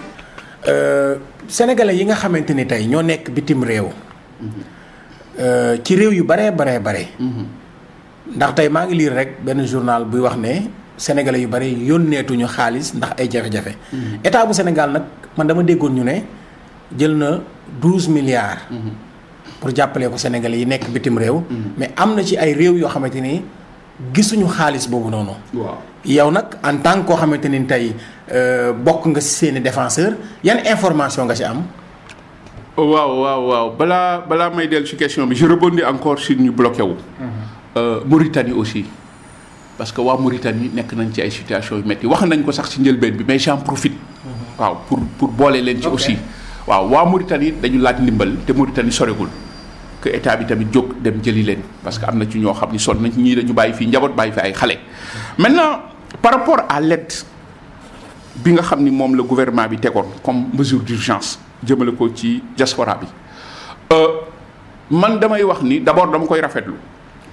sénégalais yi nga xamante ni tey ñoo nekk bitim réew. ci réew yu baree baree bare. ndax tey maa ngi lire rek benn journal buy wax ne sénégalais yu bari yónneetuñu xaalis ndax ay jafe-jafe. Mm-hmm. état bu Sénégal nag man dama déggoon ñu ne jël na douze milliards. Mm-hmm. pour jàppale ko sénégalais yi nekk bitim réew. Mm-hmm. mais am na ci ay réew yoo xamante ni gisuñu xaalis boobu noonu. yow nag en tant que koo xamante ni tey euh, bokk nga si seeni défenseur yan information nga si am. Oh, waaw waaw waaw balaa balaa may dellu ci question bi je rebondis encore si ñu bloqué wu. Euh, Mauritanie aussi parce que waa Mauritanie nekk nañ ci ay situation yu métti wax nañ ko sax ci njëlbeen bi mais j'en profite mhm. waaw pour pour boole leen ci aussi waaw waa Mauritanie dañu laaj ndimbal te Mauritanie sorewul que état bi tamit jóg dem jëli leen parce que am na ci ñoo xam ni sonn nañ ñii dañu bàyyi fii njaboot bàyyi fi ay xale maintenant par rapport à l'aide bi nga xam ni moom la gouvernement bi tegoon comme mesure d'urgence jëmale ko ci diaspora bi euh, man damay wax ni d'abord dama koy rafetlu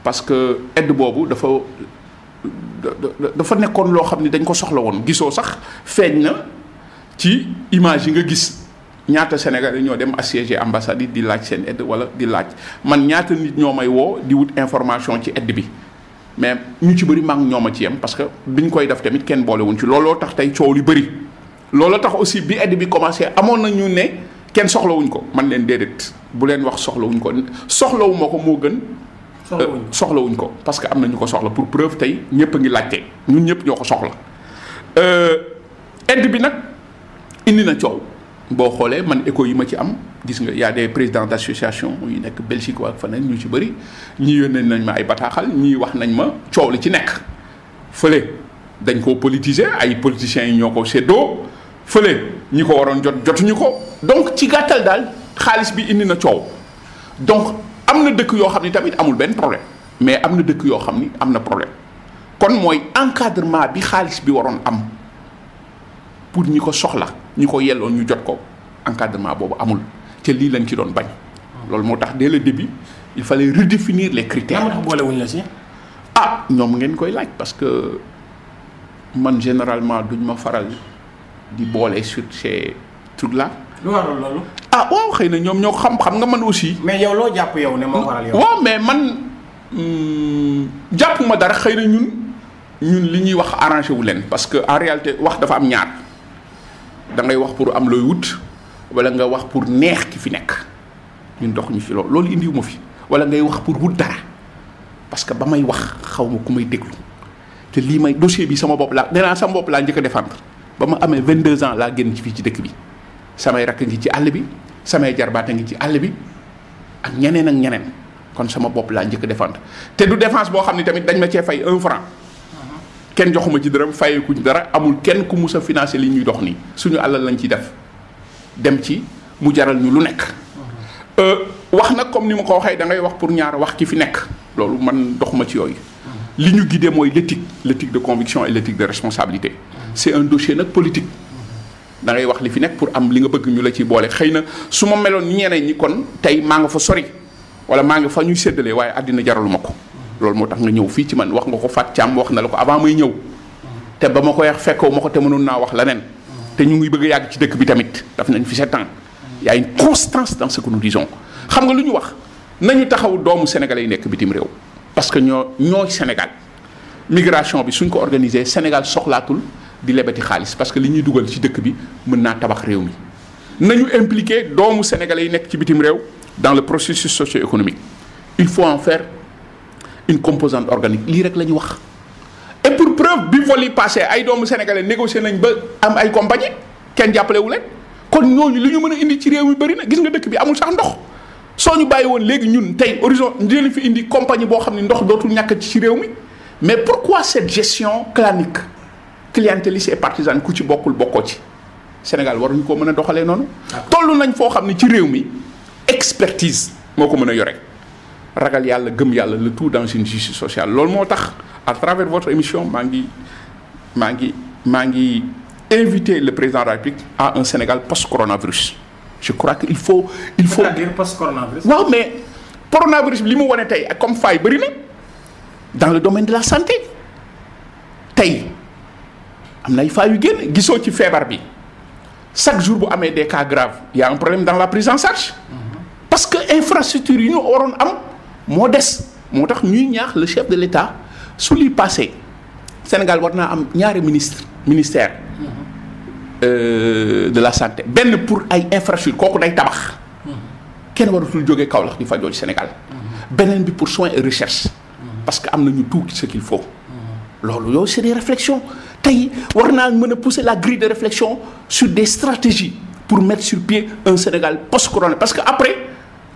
parce que aide boobu dafa dafa nekkoon loo xam ni dañ ko soxla woon gisoo sax feeñ na ci image yi nga gis ñaata sénégal yi ñoo dem assiégé ambassade yi di laaj seen aide wala di laaj man ñaata nit ñoo may woo di wut information ci aide bi mais ñu ci bëri maa ñoom a ci yem parce que biñ koy def tamit kenn boolewuñ ci looloo tax tey coow li bëri. looloo tax aussi bi aide bi commencé amoon na ñu ne kenn soxlawuñ ko man leen déedéet bu leen wax soxlawuñ ko soxlawuma ko moo gën. soxlawuñ ko parce que am na ñu ko soxla pour preuve tey ñëpp a ngi laajte ñun ñëpp ñoo ko soxla euh, aide bi nag indi na coow boo xoolee man écho yi ma ci am gis nga yaa a président présidents d'association yu nekk Belgique waa faneen ñu ci bëri ñii yónnee nañ ma ay bataaxal ñii wax nañ ma coow li ci nekk fële dañ koo politiser ay politiciens yi ñoo ko séddoo fële ñi ko waroon jot jotuñu ko donc ci gàttal daal xaalis bi indi na coow donc am na dëkk yoo xam ni tamit amul benn problème mais am na dëkk yoo xam ni am na problème kon mooy encadrement bi xaalis bi waroon am pour ñi ko soxla ñi ko yelloon ñu jot ko encadrement boobu amul te lii lañ ci doon bañ. loolu moo tax dès le début il fallait redéfinir les critères. lan boole si. ah ñoom ngeen koy laaj parce que man généralement duñ ma faral di boole sur ces trucs là. lu waral loolu. ah waaw xëy na ñoom ñoo xam-xam nga man aussi. mais yow loo jàpp yow ne moo waral yow. mais man hmm, jàpp ma dara xëy na ñun ñun li ñuy wax arrangé wu leen parce que en réalité wax dafa am ñaar da ngay wax pour am looy wut wala nga wax pour neex ki fi nekk ñun doxuñu fi loolu loolu indiwu ma fi wala ngay wax pour wut dara parce que ba may wax xaw ma ku may déglu te lii may dossier bi sama bopp laa nee naa sama bopp laa njëkk a ba ma amee 22 ans laa génn ci fii ci dëkk bi. samay rakk ngi ci àll bi samay a ngi ci àll bi ak ñeneen ak ñeneen kon sama bopp laa njëkk défendre te du défense boo xam ne tamit dañ ma cee fay un franc uh-huh. kenn joxuma ci dara fayekuñ dara amul kenn ku musa a financé li ñuy dox nii suñu allal lañ ci def dem ci mu jaral ñu lu nekk. Uh-huh. Euh, wax nag comme ni mu ko waxee da ngay wax pour ñaar wax ki fi nekk loolu man doxuma ci yooyu. Uh-huh. li ñu guidé mooy l'éthique l'éthique de conviction et l'éthique de responsabilité. un dossier nag politique. dangay wax li fi nekk pour am li nga bëgg ñu la ciy boole xëy na su ma meloon ni ñeneen ñi kon tey maa nga fa sori wala maa ngi fa ñuy séddalee waaye àddina jaraluma ko loolu moo tax nga ñëw fii ci man wax nga ko Fat Thiam wax na ko avant may ñëw te ba ma koy wax fekkoo ma ko te mënoon naa wax leneen te ñu ngi bëgg yàgg ci dëkk bi tamit daf nañ fi sept ans y a une constance dans ce que nous disons xam nga lu ñu wax nañu taxaw doomu sénégalais yi nekk bitim réew parce que ñoo ñooy Sénégal migration bi suñ ko organisé Sénégal soxlaatul di lebati xaalis parce que li ñuy dugal ci dëkk bi mën naa tabax réew mi nañu impliqué doomu sénégalais yi nekk ci bitim réew dans le processus socio-économique il faut en faire une composante organique lii rek la ñu wax et pour preuve bi vol yi passé ay doomu sénégalais négocié nañ ba am ay compagnie kenn jàppalewu leen kon ñooñu li ñu mën a indi ci réew mi bëri na gis nga dëkk bi amul sax ndox soo ñu bàyyi woon léegi ñun tey horizon dinañ fi indi compagnie boo xam ne ndox dootul ñàkk ci réew mi mais pourquoi cette gestion clanique clientéliste et partisan ku ci bokkul bokkoo ci Sénégal waruñu koo mën a doxalee noonu. toll nañ foo xam ne ci réew mi expertise moo ko mën a yore ragal yàlla gëm yàlla le tout dans une justice sociale loolu moo tax à travers votre émission maa ngi maa ngi maa invité le président de la République à un Sénégal post coronavirus. je crois que il faut il faut. c'est-à-dire post coronavirus. waaw mais coronavirus bi li mu wane tey ak comme faay bëri na dans le domaine de la santé tey. am na ay faa yu génn gisoo ci feebar bi chaque jour bu amee des cas graves y un problème dans la prise en charge parce que infrastructure yi ñu waroon am moo des moo tax ñuy ñaax la chef de l'État su li passé Sénégal war naa am ñaari ministre ministère Euh, de la santé benn pour ay infrastructure kooku day tabax kenn waratul jógee Kaolack di fajoo ci Sénégal beneen bi pour soins recherche parce que am nañu tout ce qu'il faut loolu yooyu c'est des réflexions tey war naa mën a pousser la grille de réflexion sur des stratégies pour mettre sur pied un Sénégal post-corona parce que après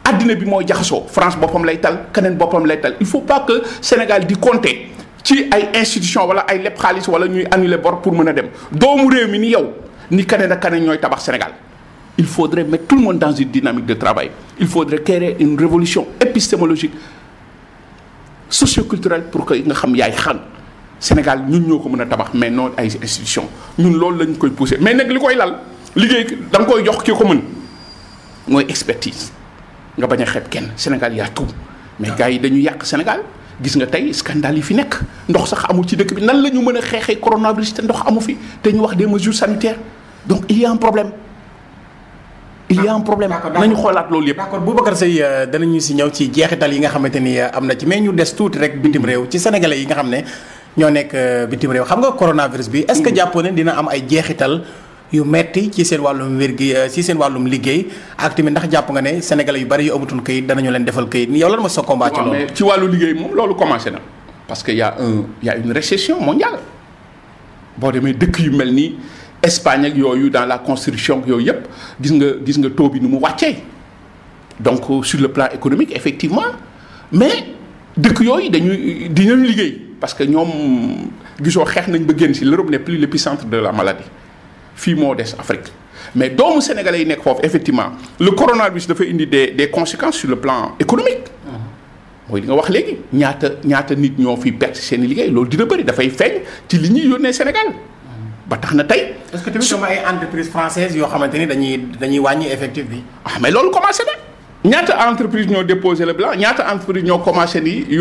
addina bi mooy jaxasoo France boppam lay tal keneen boppam lay tal il faut pas que Sénégal di compter ci ay institution wala ay leb xaalis wala ñuy annuler bor pour mën a dem doomu réew mi ni yow ni keneen ak keneen ñooy tabax Sénégal il faudrait mettre tout le monde dans une dynamique de travail il faudrait créer une révolution épistémologique socioculturelle pour que nga xam yaay xam Sénégal ñun ñoo ko mën a tabax mais noonu ay institution ñun loolu lañ koy poussé mais nag li koy lal liggéey da nga koy jox ki ko mën mooy expertise nga bañ a xeeb kenn Sénégal yaa tout mais gars yi dañu yàq Sénégal gis nga tey scandale yi fi nekk ndox sax amul ci dëkk bi nan la ñu mën a xeexee coronavirus te ndox amu fi te ñu wax des mesures sanitaires donc il y a problème il y a un problème nañu xoolaat loolu yëpp. d'accord Boubacar Seye euh, danañu si ñëw ci jeexital yi nga xamante ni euh, am na ci mais ñu des tuuti rek bitim mm-hmm. réew ci sénégalais yi nga xam ne. ñoo nekk euh, bitim réew xam nga coronavirus bi. est-ce que mm-hmm. jàppoon ne dina am ay jeexital yu metti ci seen wàllum wér gi euh, ci seen wàllum liggéey ak ndax jàpp nga ne sénégal yu bari yu amatul kayit danañu leen defal kayit yow lan ma sa combat ci loolu ci wàllu liggéey moom loolu commencé na. parce que y a un y une récession mondiale boo demee dëkk yu mel ni Espagne yooyu dans la construction yooyu yëpp gis nga gis nga taux bi nu mu wàccee donc euh, sur le plan économique effectivement mais dëkk yooyu dañuy dinañu liggéey. parce que ñoom gisoo xeex nañ ba génn si l'Europe n'est plus l'épicentre de la maladie fii moo des Afrique mais doomu sénégalais yi nekk foofu effectivement le coronavirus dafa indi de des conséquences sur le plan économique. Mmh. mooy li nga wax léegi ñaata ñaata nit ñoo fi perte seen i liggéey loolu dina bëri dafay feeñ ci li ñuy yónnee Sénégal. Mmh. ba tax na tey. est-ce que tamit sama ay entreprises françaises yoo xamante ni dañuy dañuy wàññi effectif bi. ah mais loolu commencé na ñaata entreprise ñoo déposé le bilan ñaata entreprise ñoo commencé ni y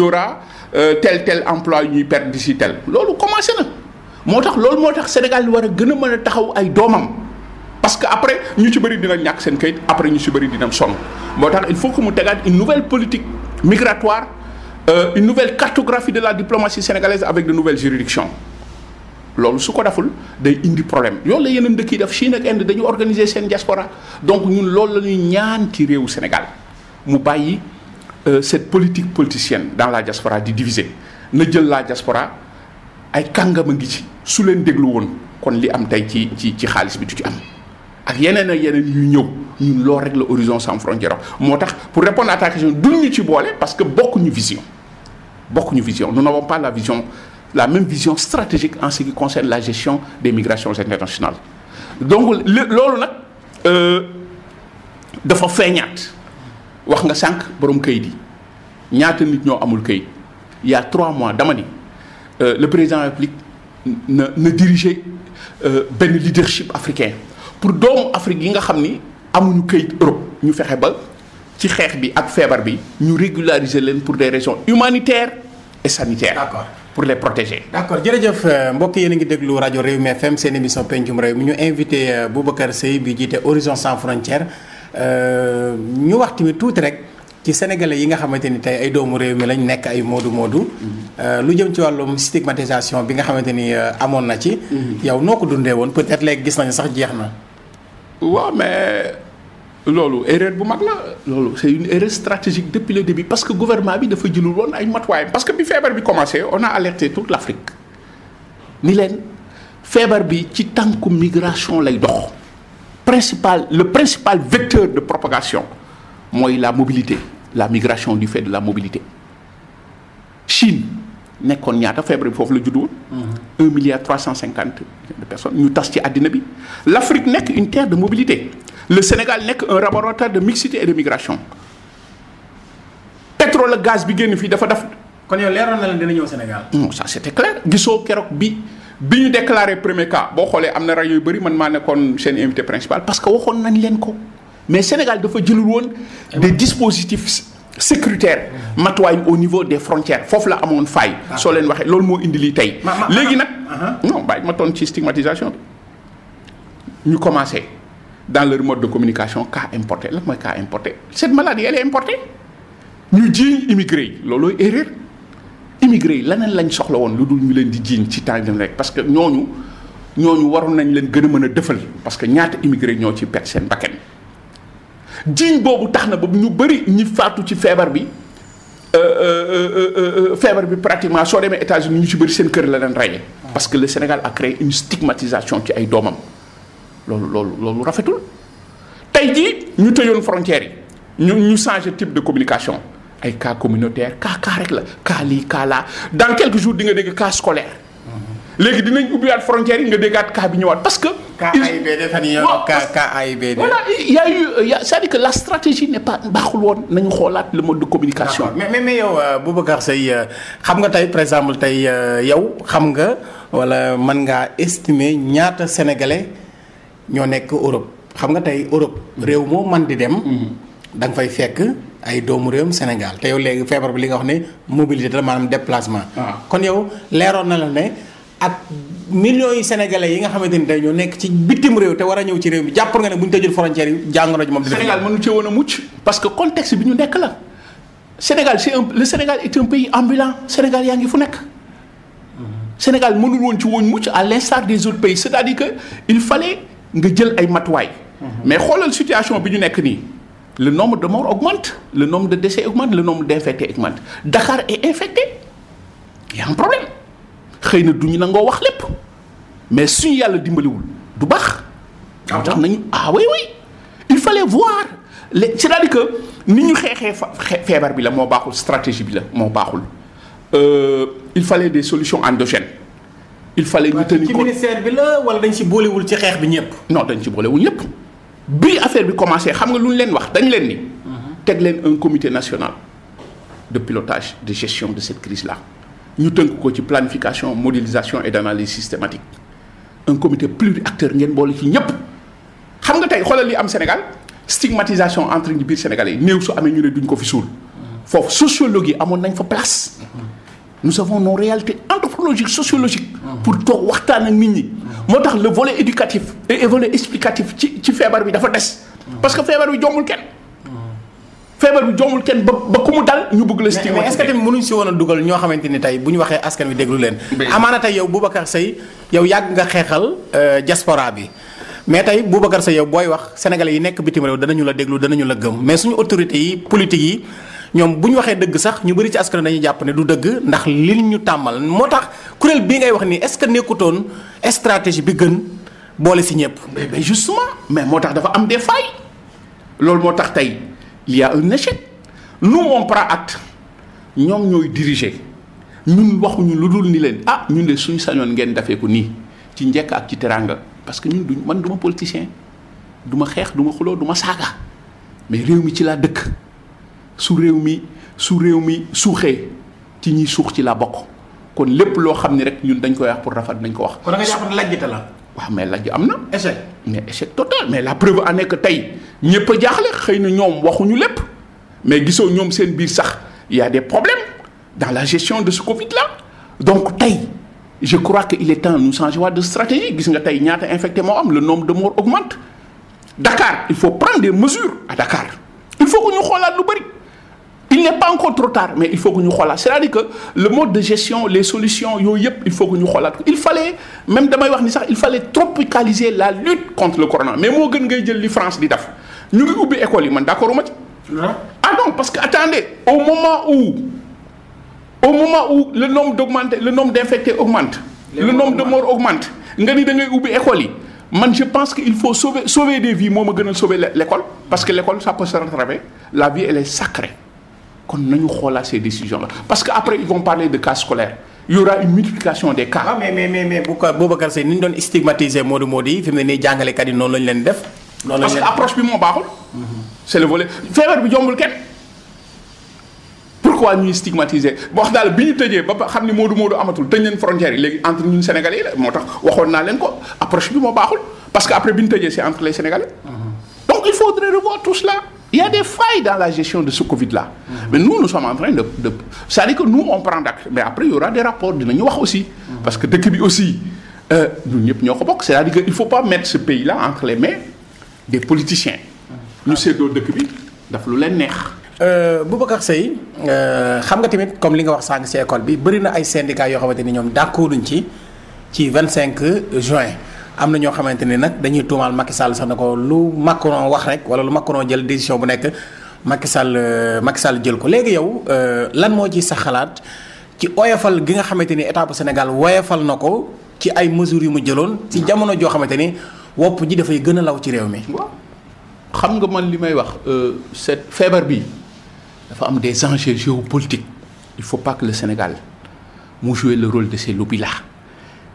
Euh, tel tel emploi ñuy perdre d'ici tel loolu commencé na moo tax loolu moo tax Sénégal war a gën a mën a taxaw ay doomam parce que après ñu ci bëri dina ñàkk seen kayit après ñu ci bëri dina sonn moo tax il faut que mu tegaat une nouvelle politique migratoire euh, une nouvelle cartographie de la diplomatie sénégalaise avec de nouvelles juridictions loolu su ko deful day indi problème loolu la yeneen dëkk yi def Chine ak Inde dañu organiser seen diaspora donc ñun loolu la ñuy ñaan ci réewu Sénégal mu bàyyi. Euh, cette politique politicienne dans la diaspora di diviser na jël la diaspora ay kàngam a ngi ci su leen déglu woon kon li am tey ci ci ci xaalis bi du ci am ak yeneen a yeneen ñu ñëw ñu loolu rek la horizon sans frontière moo tax pour répondre à ta ñu ci boole parce que bokkuñu vision bokkuñu vision nous n'avons pas la vision la même vision stratégique en ce qui concerne la gestion des migrations internationales donc loolu nag euh, dafa feeñaat wax nga sànq borom kayit yi ñaata nit ñoo amul kayit il y trois mois dama ni euh, le président de la République na na diriger euh, benn leadership africain pour doomu Afrique yi nga xam ni amuñu kayit Europe ñu fexe ba ci xeex bi ak feebar bi ñu régulariser leen pour des raisons humanitaires et sanitaires. d'accord. pour les protéger. d'accord jërëjëf euh, mbokk yéen a ngi déglu rajo Rewmi FM seen émission pencum réew mu ñu invité Boubacar Seye bi jiite Horizon Sans Frontières. Euh, ñu wax tamit tuuti rek ci sénégalais yi nga xamante ni tey ay doomu réew mi lañ nekk ay moodu moodu euh, lu jëm ci wàllum stigmatisation bi nga xamante ni euh, amoon na ci. Mm-hmm. yow noo ko dundee woon peut-être léegi gis nañu sax jeex na. waaw mais loolu erreur bu mag la loolu c'est une erreur stratégique depuis le début parce que gouvernement bi dafa jëlul woon ay matuwaayam parce que bi feebar bi commencé on a alerté toute l'Afrique ni leen feebar bi ci tànku migration lay dox. principal le principal vecteur de propagation mooy la mobilité la migration du fait de la mobilité Chine nekkoon ñaata feebre bi foofu la juddu woon. Mm-hmm. un milliard cent cinquante de ñu tas ci àddina bi. l' Afrique nekk un terre de mobilité le Sénégal nekk un laboratoire de mixité et de migration pétrole ak gaz bi génn fii dafa daf. kon yow leeroon na leen dina ñëw Sénégal. non ça c' était gisoo keroog bi. bi ñu déclaré premier cas boo xoolee am na rajo yu bëri man maa nekkoon seen invité principal parce que waxoon nañ leen ko mais Sénégal dafa jëlul woon des dispositifs sécuritaires matuwaay au niveau des frontières foofu la amoon faay ah. soo leen waxee loolu moo indi lii tey léegi nag non bàyyi ma toon ci stigmatisation bi ñu commencé dans leur mode de communication cas importé la mooy cas importé cette maladie elle est importée ñu jiiñ immigré yi loolooy erreur immigré yi leneen lañ soxla woon lu dul ñu leen di jiiñ ci temps dem rek parce que ñooñu ñooñu waroon nañ leen gën a mën a dëfal parce que ñaata immigré ñoo ci pet seen bakkan jiiñ boobu tax na ba ñu bëri ñi faatu ci feebar bi euh, euh, euh, feebar bi pratiquement soo demee États-Unis ñu ci bëri seen kër la leen reyee parce que le Sénégal a créé une stigmatisation ci ay doomam loolu loolu loolu rafetul tey jii ñu tëjoon frontières yi ñu ñu changé type de communication ay cas communautaire cas cas rek la cas lii cas laa dans quelques jours di nga dégg cas scolaire. léegi dinañ ubbiwaat frontières yi nga déggaat cas bi ñëwaat parce que. cas AIBD fan yii cas AIBD. voilà y' a eu y' a la stratégie n'est pas baaxul woon nañu xoolaat le ma du communication. mais mais mais yow euh, Boubacar Seye euh, xam nga tey par exemple tey euh, yow xam nga walla man ngaa estimer ñaata sénégalais ñoo nekk Europe xam nga tey Europe mm-hmm. réew moo man di dem. Mm-hmm. da fay fekk. ay doomu réewum Sénégal te yow léegi feebar bi li nga wax ne mobilité la maanaam déplacement. Ah. kon yow leeroon na la ne ak millions yi sénégalais yi nga xamante ni dañoo nekk ci bitim réew te war a ñëw ci réew mi jàpp nga ne bu ñu tëjul frontière yi jàngoro ji moom. Sénégal mënu ci woon a mucc. parce ñu nekk la Sénégal c'est un le Sénégal est un pays ambulant Sénégal yaa ngi fu nekk. Sénégal mënul woon ci woon mucc à l'instar des autres pays cest à di que il fale nga jël ay matuwaay. Mm-hmm. mais xoolal situation bi ñu nekk nii. le nombre de morts augmente, le nombre de décès augmente, le nombre d'infectés augmente. Dakar est infecté. Il y a problème. xëy na du ñu nangoo wax lépp mais suñu yàlla dimbaliwul du baax. Ah moo tax nañu ah oui oui il fallait voir les c'est-à-dire que ni ñu xeexee feebar bi la moo baaxul stratégie bi la moo baaxul euh, il fallait des solutions endogènes. il fallait ñu tenir compte ci ministère bi la wala dañ ci boolewul ci xeex bi ñëpp. non dañu ci boolewul ñëpp. bi affaire bi commencé xam nga lu ñu leen wax dañ leen ni. teg leen un comité national de pilotage de gestion de cette crise là ñu tënk ko ci planification modélisation et d' analyse systématique un comité acteur ngeen boole ci ñëpp. xam nga tey xoolal yi am Sénégal stigmatisation entre ñi biir Sénégalais yi néew su amee ñu ne duñ ko fi suul foofu sociologue yi amoon nañ fa place nous avons nos réalités anthropologiques sociologiques. pour toog waxtaan ak nit ñi. moo tax le volet éducatif et volet explicatif ci ci feebar bi dafa des. parce que feebar bi jombul kenn. feebar bi joomul kenn ba ba ku mu dal ñu bëgg la stigma mais est-ce que si woon a dugal ñoo xamante ni tey bu ñu waxee askan wi déglu leen amaana tey yow Boubacar Seye yow yàgg nga xeexal euh, diaspora bi mais tey Boubacar Seye yow booy wax sénégalais yi nekk bitim réew danañu la déglu danañu la gëm mais suñu autorités yi politique yi ñoom bu ñu waxee dëgg sax ñu bari ci askan dañuy jàpp ne du dëgg ndax li ñu tàmmal moo tax kuréel bii ngay wax ni est-ce que nekkutoon stratégie bi gën boole si ñëpp. mais mais justement mais moo tax dafa am des failles loolu moo tax tey il y a un échec nous on prend acte ñoom ñooy diriger ñun waxuñu lu dul ni leen ah ñun de suñ sañoon ngeen defee ko nii ci njëkk ak ci teraanga parce que ñun duñ man du ma politicien du ma xeex du ma xuloo du ma saaga mais réew mi ci laa dëkk. su réew mi su réew mi suuxee ci ñiy suux ci la bokk kon lépp loo xam ne rek ñun dañ koy wax pour rafet nañ ko wax. kon da nga jàpp ne lajjite la. waaw mais lajj am na. échec mais échec total mais la preuve en est que tey ñëpp a jaaxle xëy na ñoom waxuñu lépp mais gisoo ñoom seen biir sax y a des problèmes dans la gestion de ce Covid là donc tey. je crois que il est temps nous changer de stratégie gis nga tey ñaata infecté moo am le nombre de morts augmente Dakar il faut prendre des mesures à Dakar il faut que ñu il n'est pas encore trop tard mais il faut que ñu xoolaat c'est-à-dire que le mode de gestion les solutions yooyu yëpp il faut que ñu xoolaat il fallait même damay wax ni sax il fallait tropicaliser la lutte contre le corona mais moo gën ngay jël li France di def ñu ngi ubbi école yi man d'accord ma ci. ah, ah parce que attendez au moment où au moment où le nombre d'augmenté le nombre d'infectés augmente. le nombre de morts augmente nga ni da ngay ubbi école yi. man je pense que il faut sauver sauver des vies moo ma gënal sauver l'école parce que l'école ça peut se rattraper la vie kon nañu xoolaat ces décisions là parce que après ils vont parler de cas scolaire il y aura une multiplication des cas. Ah, mais mais mais mais bu ko Boubacar Seye ni ñu doon stigmatiser Modou Modou yi fi ne nii jàngalekat yi noonu la leen def. parce que approche bi moo baaxul. daal bi ñu tëjee ba xam ni Modou Modou amatul tëj nañ frontière yi léegi entre ñun Sénégalais yi la moo tax waxoon leen ko approche bi moo baaxul parce que après bi ñu tëjee c'est entre les Sénégalais. Mhm. donc il faudrait revoir tout cela. Il y a des failles dans la gestion de ce Covid-là. Mmh. Mais nous, nous sommes en train de. de... C'est-à-dire que nous, on prend d'acte. Mais après, il y aura des rapports, dinañu wax aussi. Parce que dëkk bi aussi, euh, ñun ñëpp ñoo ko bokk. C'est-à-dire que il faut pas mettre ce pays-là entre les mains des politiciens. ñu séddoo dëkk bi daf lu leen neex. Euh, Boubacar Seye euh, xam nga tamit comme li nga wax sànq ci école bi bëri na ay syndicats yoo xamante ni ñoom d'accorduñ ci ci cinq juin. am na ñoo xamante ni nag dañuy tuumaal Macky Sall sax na ko lu Macron wax rek wala lu Macron jël décision bu nekk Macky Sall euh, Macky Sall jël ko léegi yow euh, lan moo ci sax xalaat ci oyofal gi nga xamante ni état bu Sénégal woyofal na ko ci ay mesures yu mu jëloon. ci jamono joo xamante ni wopp ji dafay gën a law ci réew mi. xam nga man li may wax set euh, feebar bi dafa am des enjeux politique il faut pas que Sénégal mu jouer le rol de ces lobbies là.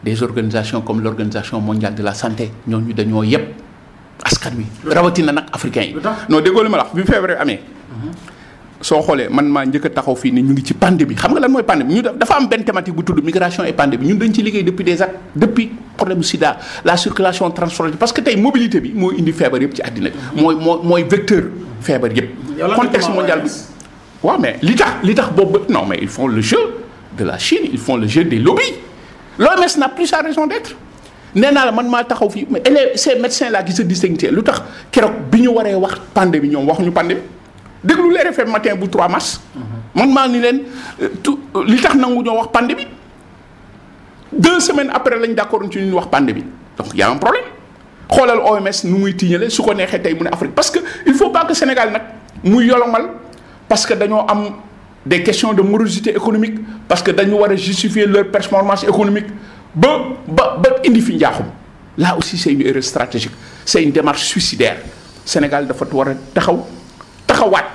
des organisations comme l'organisation mondial de la santé ñooñu dañoo yëpp askan wi. rawatina nag africain yi. noo déggoo li ma la wax feebaree amee. Mhm. soo xoolee man maa njëkk taxaw fii ni ñu ngi ci pandémie xam nga lan mooy pandémie ñu dafa am benn thématique bu tudd migration et pandémie ñun dañ ci liggéey depuis des at depuis problème sida la circulation transfrontière parce que tey mobilité bi moo indi feebar yëpp ci àddina bi. Mhm. mooy moo mooy vecteur feebar yëpp. contexte mondial bi waaw mais li tax li tax boobu non mais ils font le jeu de la Chine ils font l'OMS n'a plus sa raison d'être nee naa la man maa taxaw fii mais élèves ces médecins là qui se lu tax keroog bi ñu waree wax pandémie ñoom waxuñu pandémie déglu les RFM matin bu 3 mars. man maa ni leen li tax nangu ñoo wax pandémie deux semaines après lañ d'accord ci ñu wax pandémie donc y a un problème xoolal OMS nu muy tiñale su ko neexee tey mu ne Afrique parce que il faut pas que Sénégal nag muy yolomal parce que dañoo am. des question de morosité économique parce que dañu war a justifier leur performance économique ba ba ba indi fi njaaxum la aussi c'est une erreur stratégique c'est une démarche suicidaire Sénégal dafa war a taxaw taxawaat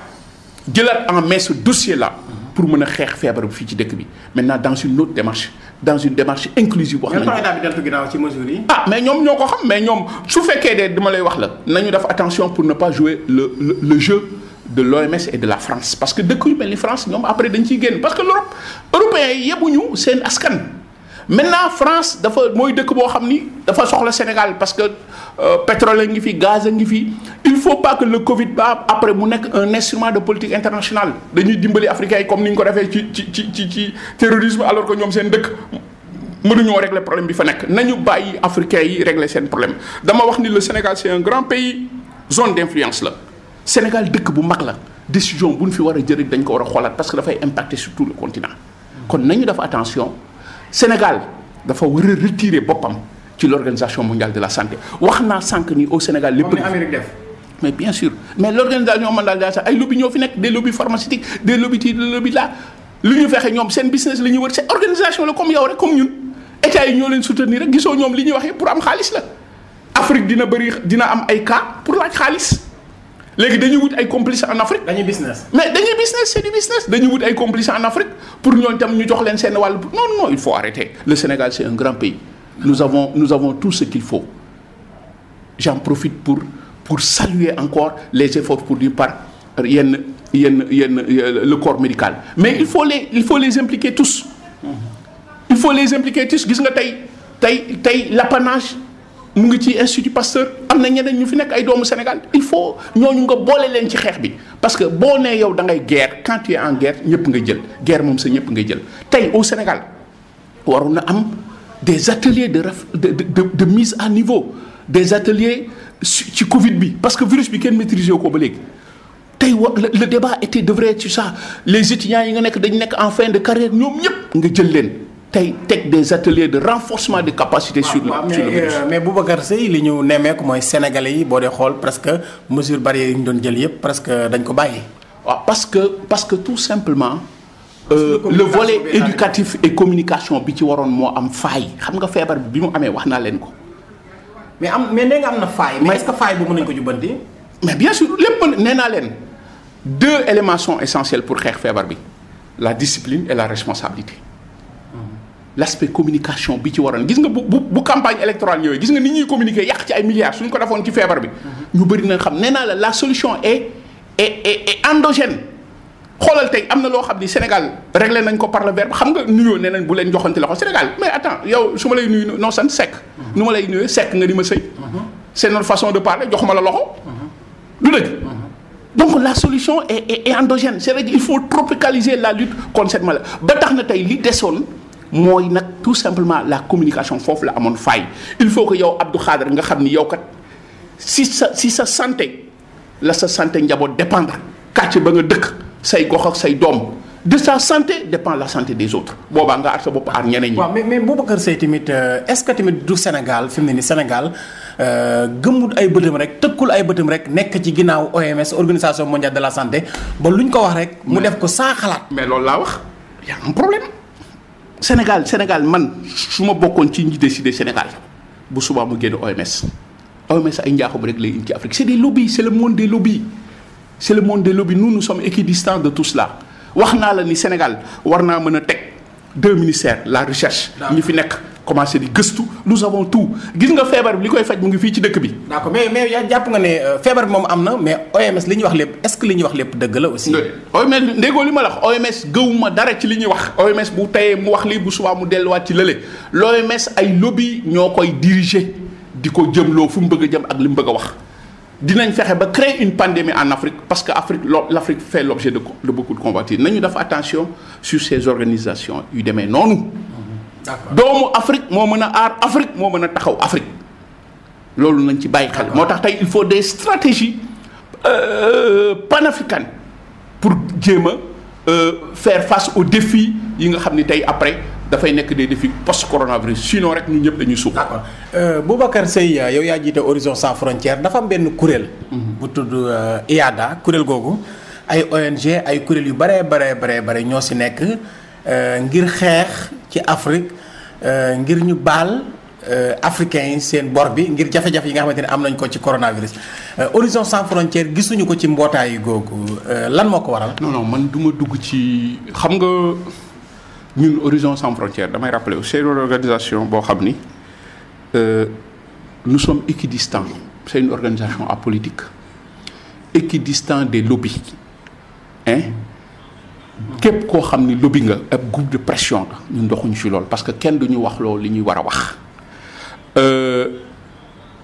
jëlaat en main ce dossier la pour mën a xeex feebar bi fii ci dëkk bi maintenant dans une autre démarche dans une démarche inclusive wax nañu état ah mais ñoom ñoo ko xam mais ñoom su fekkee de dama lay wax la nañu def attention pour ne pas jouer le le, de l'OMS et de la France parce que dëkk yu mel ni France ñoom après dañ ciy génn parce que l'Europe européens yi yebuñu seen askan. maintenant France dafa mooy dëkk boo xam ni dafa soxla Sénégal parce que euh, pétrole a ngi fi gaz a ngi fi il faut pas que le Covid ba après mu nekk un instrument de politique internationale dañuy dimbali africains yi comme ni ñu ko defee ci ci ci ci ci terrorisme alors que ñoom seen dëkk mënuñoo régler problème bi fa nekk nañu bàyyi africains yi régler seen problème dama wax ni le Sénégal c'est un grand pays la. Sénégal dëkk bu mag la décision bu ñu fi war a jëriñ dañ ko war a xoolaat parce que dafay impacter sur tout le continent. kon nañu def attention Sénégal dafa war a retirer boppam ci l'organisation mondiale de la santé wax naa sànq nii au Sénégal. lépp Amérique def. mais bien sûr mais l'organisation mondiale de la santé ay lobby ñoo fi nekk des lobby pharmaceutiques des lobby ci des lobby lu ñu fexe ñoom seen business la ñu wër seen organisation la comme yow rek comme ñun état gisoo ñoom li ñuy waxee pour am xaalis la Afrique dina bëri dina am ay cas pour laaj xaalis. léegi dañuy wut ay complices en Afrique. dañuy business. mais dañuy business c'est du business dañuy wut ay complices en Afrique pour ñooñu tam ñu jox leen seen wàll non non il faut arrêter. le Sénégal c'est un grand pays. nous avons nous avons tout ce qu'il faut j'en profite pour pour saluer encore les efforts produits par yenn yenn yenn euh, le corps médical. mais il faut les il faut les impliquer tous. il faut les impliquer tous gis nga tey tey tey l'apanage mu ngi ci institut Pasteur am na ñeneen ñu fi nekk ay doomu Sénégal il faut ñooñu nga boole leen ci xeex bi parce que boo nee yow dangay ngay guerre quand en guerre ñëpp nga jël guerre moom sa ñëpp nga jël tey au Sénégal waroon na am des ateliers de de de de mise à niveau des ateliers ci Covid bi parce que virus bi kenn maîtrisé ko ba léegi. tey wa le débat était devrait être sur ça les étudiants yi nga nekk dañu nekk en fin de carrière ñoom ñëpp nga jël leen. tey teg des ateliers de renforcement de capacité. sur le sur le virus euh, mais Boubacar Seye li ñu nemmeeku mooy sénégalais yi boo dee xool presque mesure barrière yi ñu doon jël yëpp que dañ ko bàyyi. waaw parce que parce que tout simplement. Euh, le volet éducatif et communication bi ci waroon moo am faay xam nga feebar bi mu amee wax naa leen ko. mais am mais nee am na faay. mais est-ce que faay boobu mën nañu ko jubbanti. mais bien sûr lépp nee naa leen deux éléments sont essentiels pour xeex feebar bi la discipline et la responsabilité. l' aspect communication bi ci waroon gis nga bu bu bu campagne électorale ñëwee gis nga ni ñuy communiquer yàq ci ay milliards suñ ko defoon ci feebar bi. Mhm. ñu bëri na xam nee naa la la solution est est xoolal tey am na loo xam ni Sénégal réglé nañ ko par le verbe xam nga nuyoo nee nañ bu leen joxante loxo Sénégal mais attends yow su ma lay nuyu noo sant sekk. Mhm. nu ma lay nuyoo sekk nga di ma sëy. Mhm. c' est façon de parler jox ma la loxo. du dëgg. donc la solution e est endogène faut tropicaliser la lutte contre cette maladie tax na tey li desoon. mooy nag tout simplement la communication foofu la amoon faay il faut que yow Abdou Khadre nga xam ni yow kat si sa si sa santé la sa santé njaboot dépendre quartier ba nga dëkk say gox say doom de sa santé dépend la santé des autres boobaa nga aar sa bopp aar ñenee ñi. waaw mais mais Boubacar Seye tamit euh, est-ce que tamit du Sénégal fi mu ne nii Sénégal euh, gëmmut ay bëtam rek tëkkul ay bëtam rek nekk ci ginnaaw OMS organisation mondiale de la santé ba luñ ko wax rek. mu def ko sans xalaat. mais loolu Sénégal Sénégal man su ma bokkoon ci ñi décider Sénégal bu subaa mu génn OMS OMS ay njaaxum rek lay indi ci Afrique c'est des lobbies c'est le monde des lobbies c'est le monde des lobbies nous nous sommes équidistants de tout la wax naa la ni Sénégal war naa mën a teg. deux ministères la recherche. ñi fi nekk commencé di gëstu nous avons tout gis nga feebar bi li koy faj mu ngi fii ci dëkk bi. d'accord mais mais yaa jàpp nga ne euh, feebar bi moom am na mais OMS li ñuy wax lépp est-ce que li ñuy wax lépp dëgg la aussi. OMS ndéggoo li ma la wax OMS gëwuma dara ci li ñuy wax. OMS bu teyee mu wax li bu subaa mu delluwaat ci lële l'OMS ay lobby ñoo koy diriger di ko jëmloo fu mu bëgg a jëm ak li mu bëgg a wax. dinañ fexe ba créer une pandémie en Afrique parce que Afrique l'Afrique fait l'objet de de beaucoup de convoitises nañu def attention sur ces organisations yu demee noonu. doomu Afrique moo mën a aar Afrique moo mën a taxaw Afrique loolu nañ ci bàyyi xel. moo tax tey il faut des stratégies euh, euh, panafricaines pour jéem a euh, faire face aux défis yi nga xam ni tey après. dafay nekk des défis post coronavirus sinon rek ñu ñëpp dañuy suuf. d'accord euh, Boubacar Seye yaa jiite Horizon Sans Frontières dafa am benn mhm. bu tudd euh, IADA kuréel googu ay ONG ay kuréel yu baree baree baree bare ñoo si nekk euh, ngir xeex ci Afrique ngir ñu baal. africains yi seen bor bi ngir jafe-jafe yi nga xamante ne am nañ ko ci coronavirus Horizon Sans Frontières gisuñu ko ci mbootaayu googu lan moo ko waral. non man du dugg ci xam nga. ñun Horizon sans frontières damay rappeler c'est une organisation boo xam ni euh, nous sommes équidistants c'est une organisation apolitique équidistant des lobbies hein képp koo xam ni lobby nga ab groupe de pression la ñun doxuñu ci loolu parce que kenn duñu wax loolu li ñuy war a wax euh,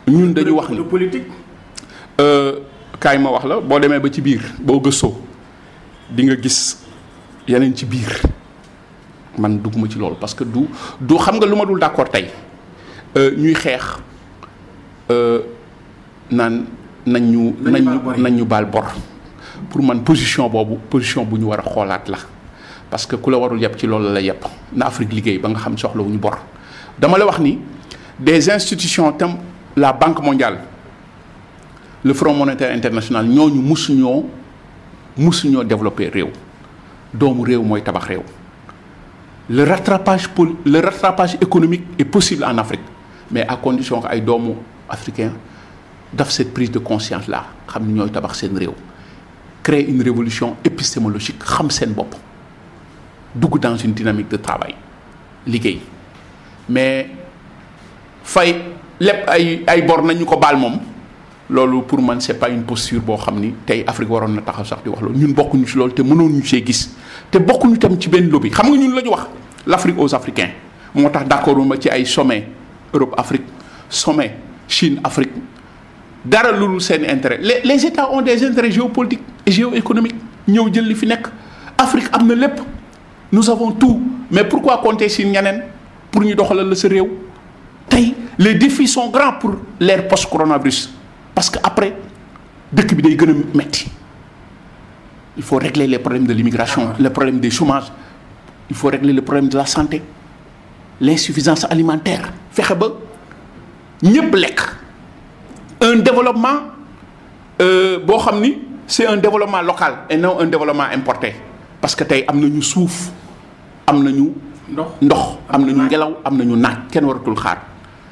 ñun dañu wax ni politique euh, kaay ma wax la boo demee ba ci biir boo gësoo di nga gis yeneen ci biir man dugguma ci loolu parce que du du xam nga lu ma dul d'accord tey euh, ñuy xeex euh, naan nañ ñu. nañ ñu nañ ñu baal bor. pour man position boobu position bu ñu war a xoolaat la parce que ku la warul yëpp ci loolu la yëpp na Afrique liggéey ba nga xam ñu bor dama la wax ni des institutions tam la Banque mondiale le Fonds monétaire international ñooñu musuñoo musuñoo développé réew doomu réew mooy tabax réew. le rattrapage pour le rattrapage économique et possible en Afrique mais ak condition que ay doomu africain daf cette prise de conscience la xam ni ñooy tabax seen réew créer une révolution épistémologique xam seen bopp dugg dans une dynamique de travail liggéey mais fay lépp ay ay bor nañu ko baal moom loolu pour man c'est pas une posture boo xam ni tey Afrique waroon na taxaw sax di wax loolu ñun bokkuñu si loolu te mënoon ñu see gis te bokkuñu tam ci benn lobby xam nga ñun la ñu wax l'Afrique aux Africains moo tax d'accord ma ci ay sommet Europe Afrique sommet Chine Afrique dara lu dul seen intérêt les les états ont des intérêts géopolitiques et économique ñëw jël li fi nekk Afrique am na lépp nous avons tout mais pourquoi compter si ñeneen pour ñu doxalal la sa réew tey les défis sont grands pour l'ère post-coronavirus parce que après dëkk bi day gën a metti il faut régler les problèmes de l'immigration le problème du chômage il faut régler le problème de la santé l'insuffisance alimentaire fexe ba ñëpp lekk un développement euh, boo xam ni c'est un développement local et non un développement importé parce que tey am na ñu suuf am nañu ndox am nañu ngelaw am nañu naaj kenn waratul xaar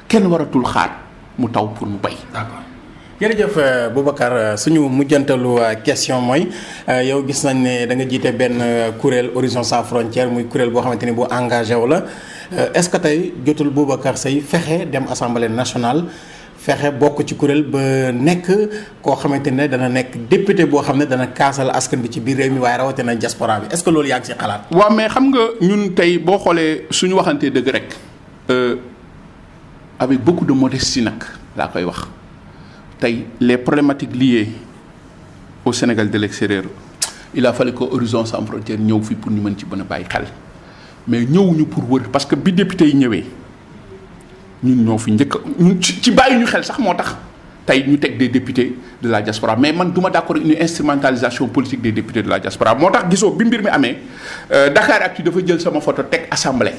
kenn waratul xaar mu taw pour mu bay jërëjëf euh, Boubacar euh, suñu mujjantalu euh, question mooy yow gis nañ ne da nga jiite benn kuréel Horizon Sans Frontières muy kuréel boo xamante ni bu engagé wu la est-ce que tey jotul Boubacar Seye fexe dem assemblée national fexe bokk ci kuréel ba nekk koo xamante ne dana nekk député boo xam ne dana kaasal askan bi ci biir réew mi waaye rawatina diaspora bi est-ce que loolu yaa ngi si xalaat. waaw mais xam nga ñun tey boo xoolee suñu waxantee dëgg rek. avec beaucoup de modestie nag laa koy wax. tey les problématiques liées au Sénégal de l'extérieur il a fallu que Horizon Sans Frontières ñëw fi pour ñu mën ci mën a bàyyi xel mais ñëwuñu pour wër parce que bi député yi ñëwee ñun ñoo fi njëkk ñun ci bàyyi ñu xel sax moo tax tey ñu teg des députés de la diaspora mais man duma d'accord une instrumentalisation politique des députés de la diaspora moo tax gisoo bi mbir mi amee ak euh, Dakaractu dafa jël sama photo teg assemblée.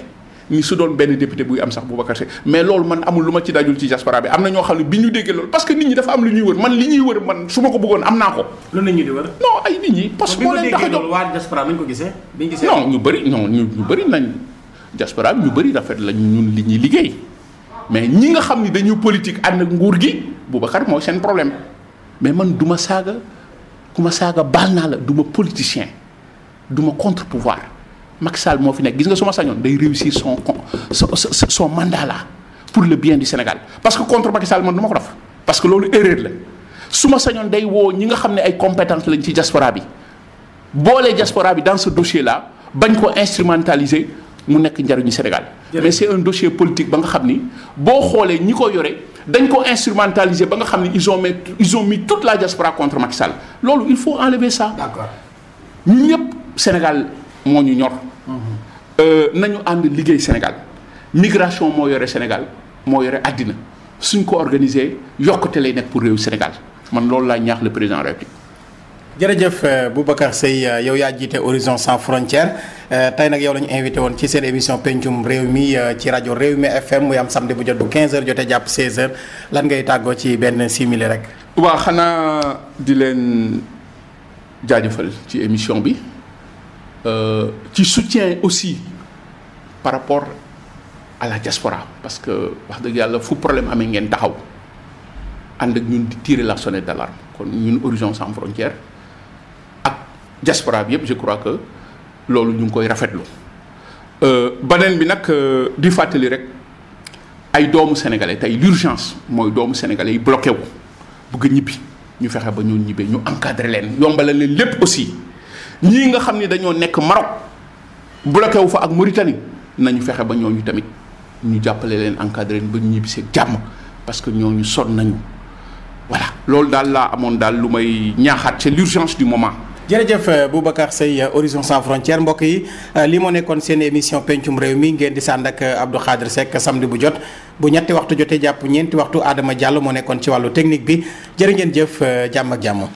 ni su doon benn député buy am sax Boubacar Seye mais loolu man amul lu ma ci dajul ci diaspora bi am na ñoo xam ne bi ñu déggee loolu parce que nit ñi dafa am lu ñuy wër man li ñuy wër man su ma ko bëggoon am naa ko. lu nit ñi di wër. non ay nit ñi. parce que moo leen tax a jóg waa diaspora ñu bëri non ñu bëri nañ diaspora bi ñu bëri rafet la ñun li ñuy liggéey mais ñi nga xam ne dañuy politique ànd ak nguur gi Boubacar mooy seen problème mais man du ma saaga ku ma saaga baal naa la du ma politicien du ma contre Macky moo fi nekk gis nga suma ma sañoon day réussir son son son mandat là pour le bien di Sénégal parce que contre Macky Sall ma ko parce que loolu erreur la su ma sañoon day woo ñi nga xam ne ay lañ ci diaspora bi boolee diaspora bi dans ce dossier bañ ko instrumentaliser mu nekk njariñu Sénégal. mais c'est un dossier politique ba nga xam ni boo xoolee ñi ko yore dañ ko instrumentaliser ba nga xam ni ils ont mis ils ont mis toute la loolu il faut enlever ça. d'accord ñun ñëpp Sénégal moo ñu ñor. Euh, nañu ànd liggéey Sénégal migration moo yore Sénégal moo yore àddina suñ ko organisé yokkute lay nekk pour réew Sénégal man loolu laa ñaax la président république jërëjëf euh, Boubacar Seye euh, yow yaa jiite Horizon Sans Frontières tey nag yow la ñu invité woon ci seen émission pencum réew mi ci rajo réew mi FM muy am samedi bu jot bu 15 jote jàpp 16h lan ngay tàggoo ci benn simili rek. waaw xanaa di leen jaajëfal ci émission bi. Euh, ci soutien aussi par rapport à la diaspora parce que wax dëgg yàlla fu problème amee ngeen taxaw ànd ak ñun di tirer la sonnette d'alarme kon ñun Horizon Sans Frontières ak diaspora bi yëpp je crois que loolu ñu ngi koy rafetlu euh, beneen bi nag euh, di fàttali rek ay doomu sénégalais tey l'urgence mooy doomu sénégalais yi bloqué wu bëgg ñibbi ñu fexe ba ñun ñibbee ñu encadré leen yombalal leen lépp aussi. ñii nga xam ne dañoo nekk Maroc bloqué wu fa ak Mauritanie nañu fexe ba ñooñu tamit ñu jàppale leen encadré leen ba ñu ñibbisee jàmm parce que ñooñu sonn nañu voilà loolu daal laa amoon daal lu may ñaaxaat ci l'urgence du moment. jërëjëf euh, Boubacar say euh, Horizon Sans Frontières mbokk yi euh, li moo nekkoon seen émission pencum réew mi ngeen di sànd ak Abdou Khadre Seck samedi bu jot bu ñetti waxtu jotee jàpp ñeenti waxtu aadama jàll moo nekkoon ci wàllu technique bi jërë jëf jàmm ak jàmm.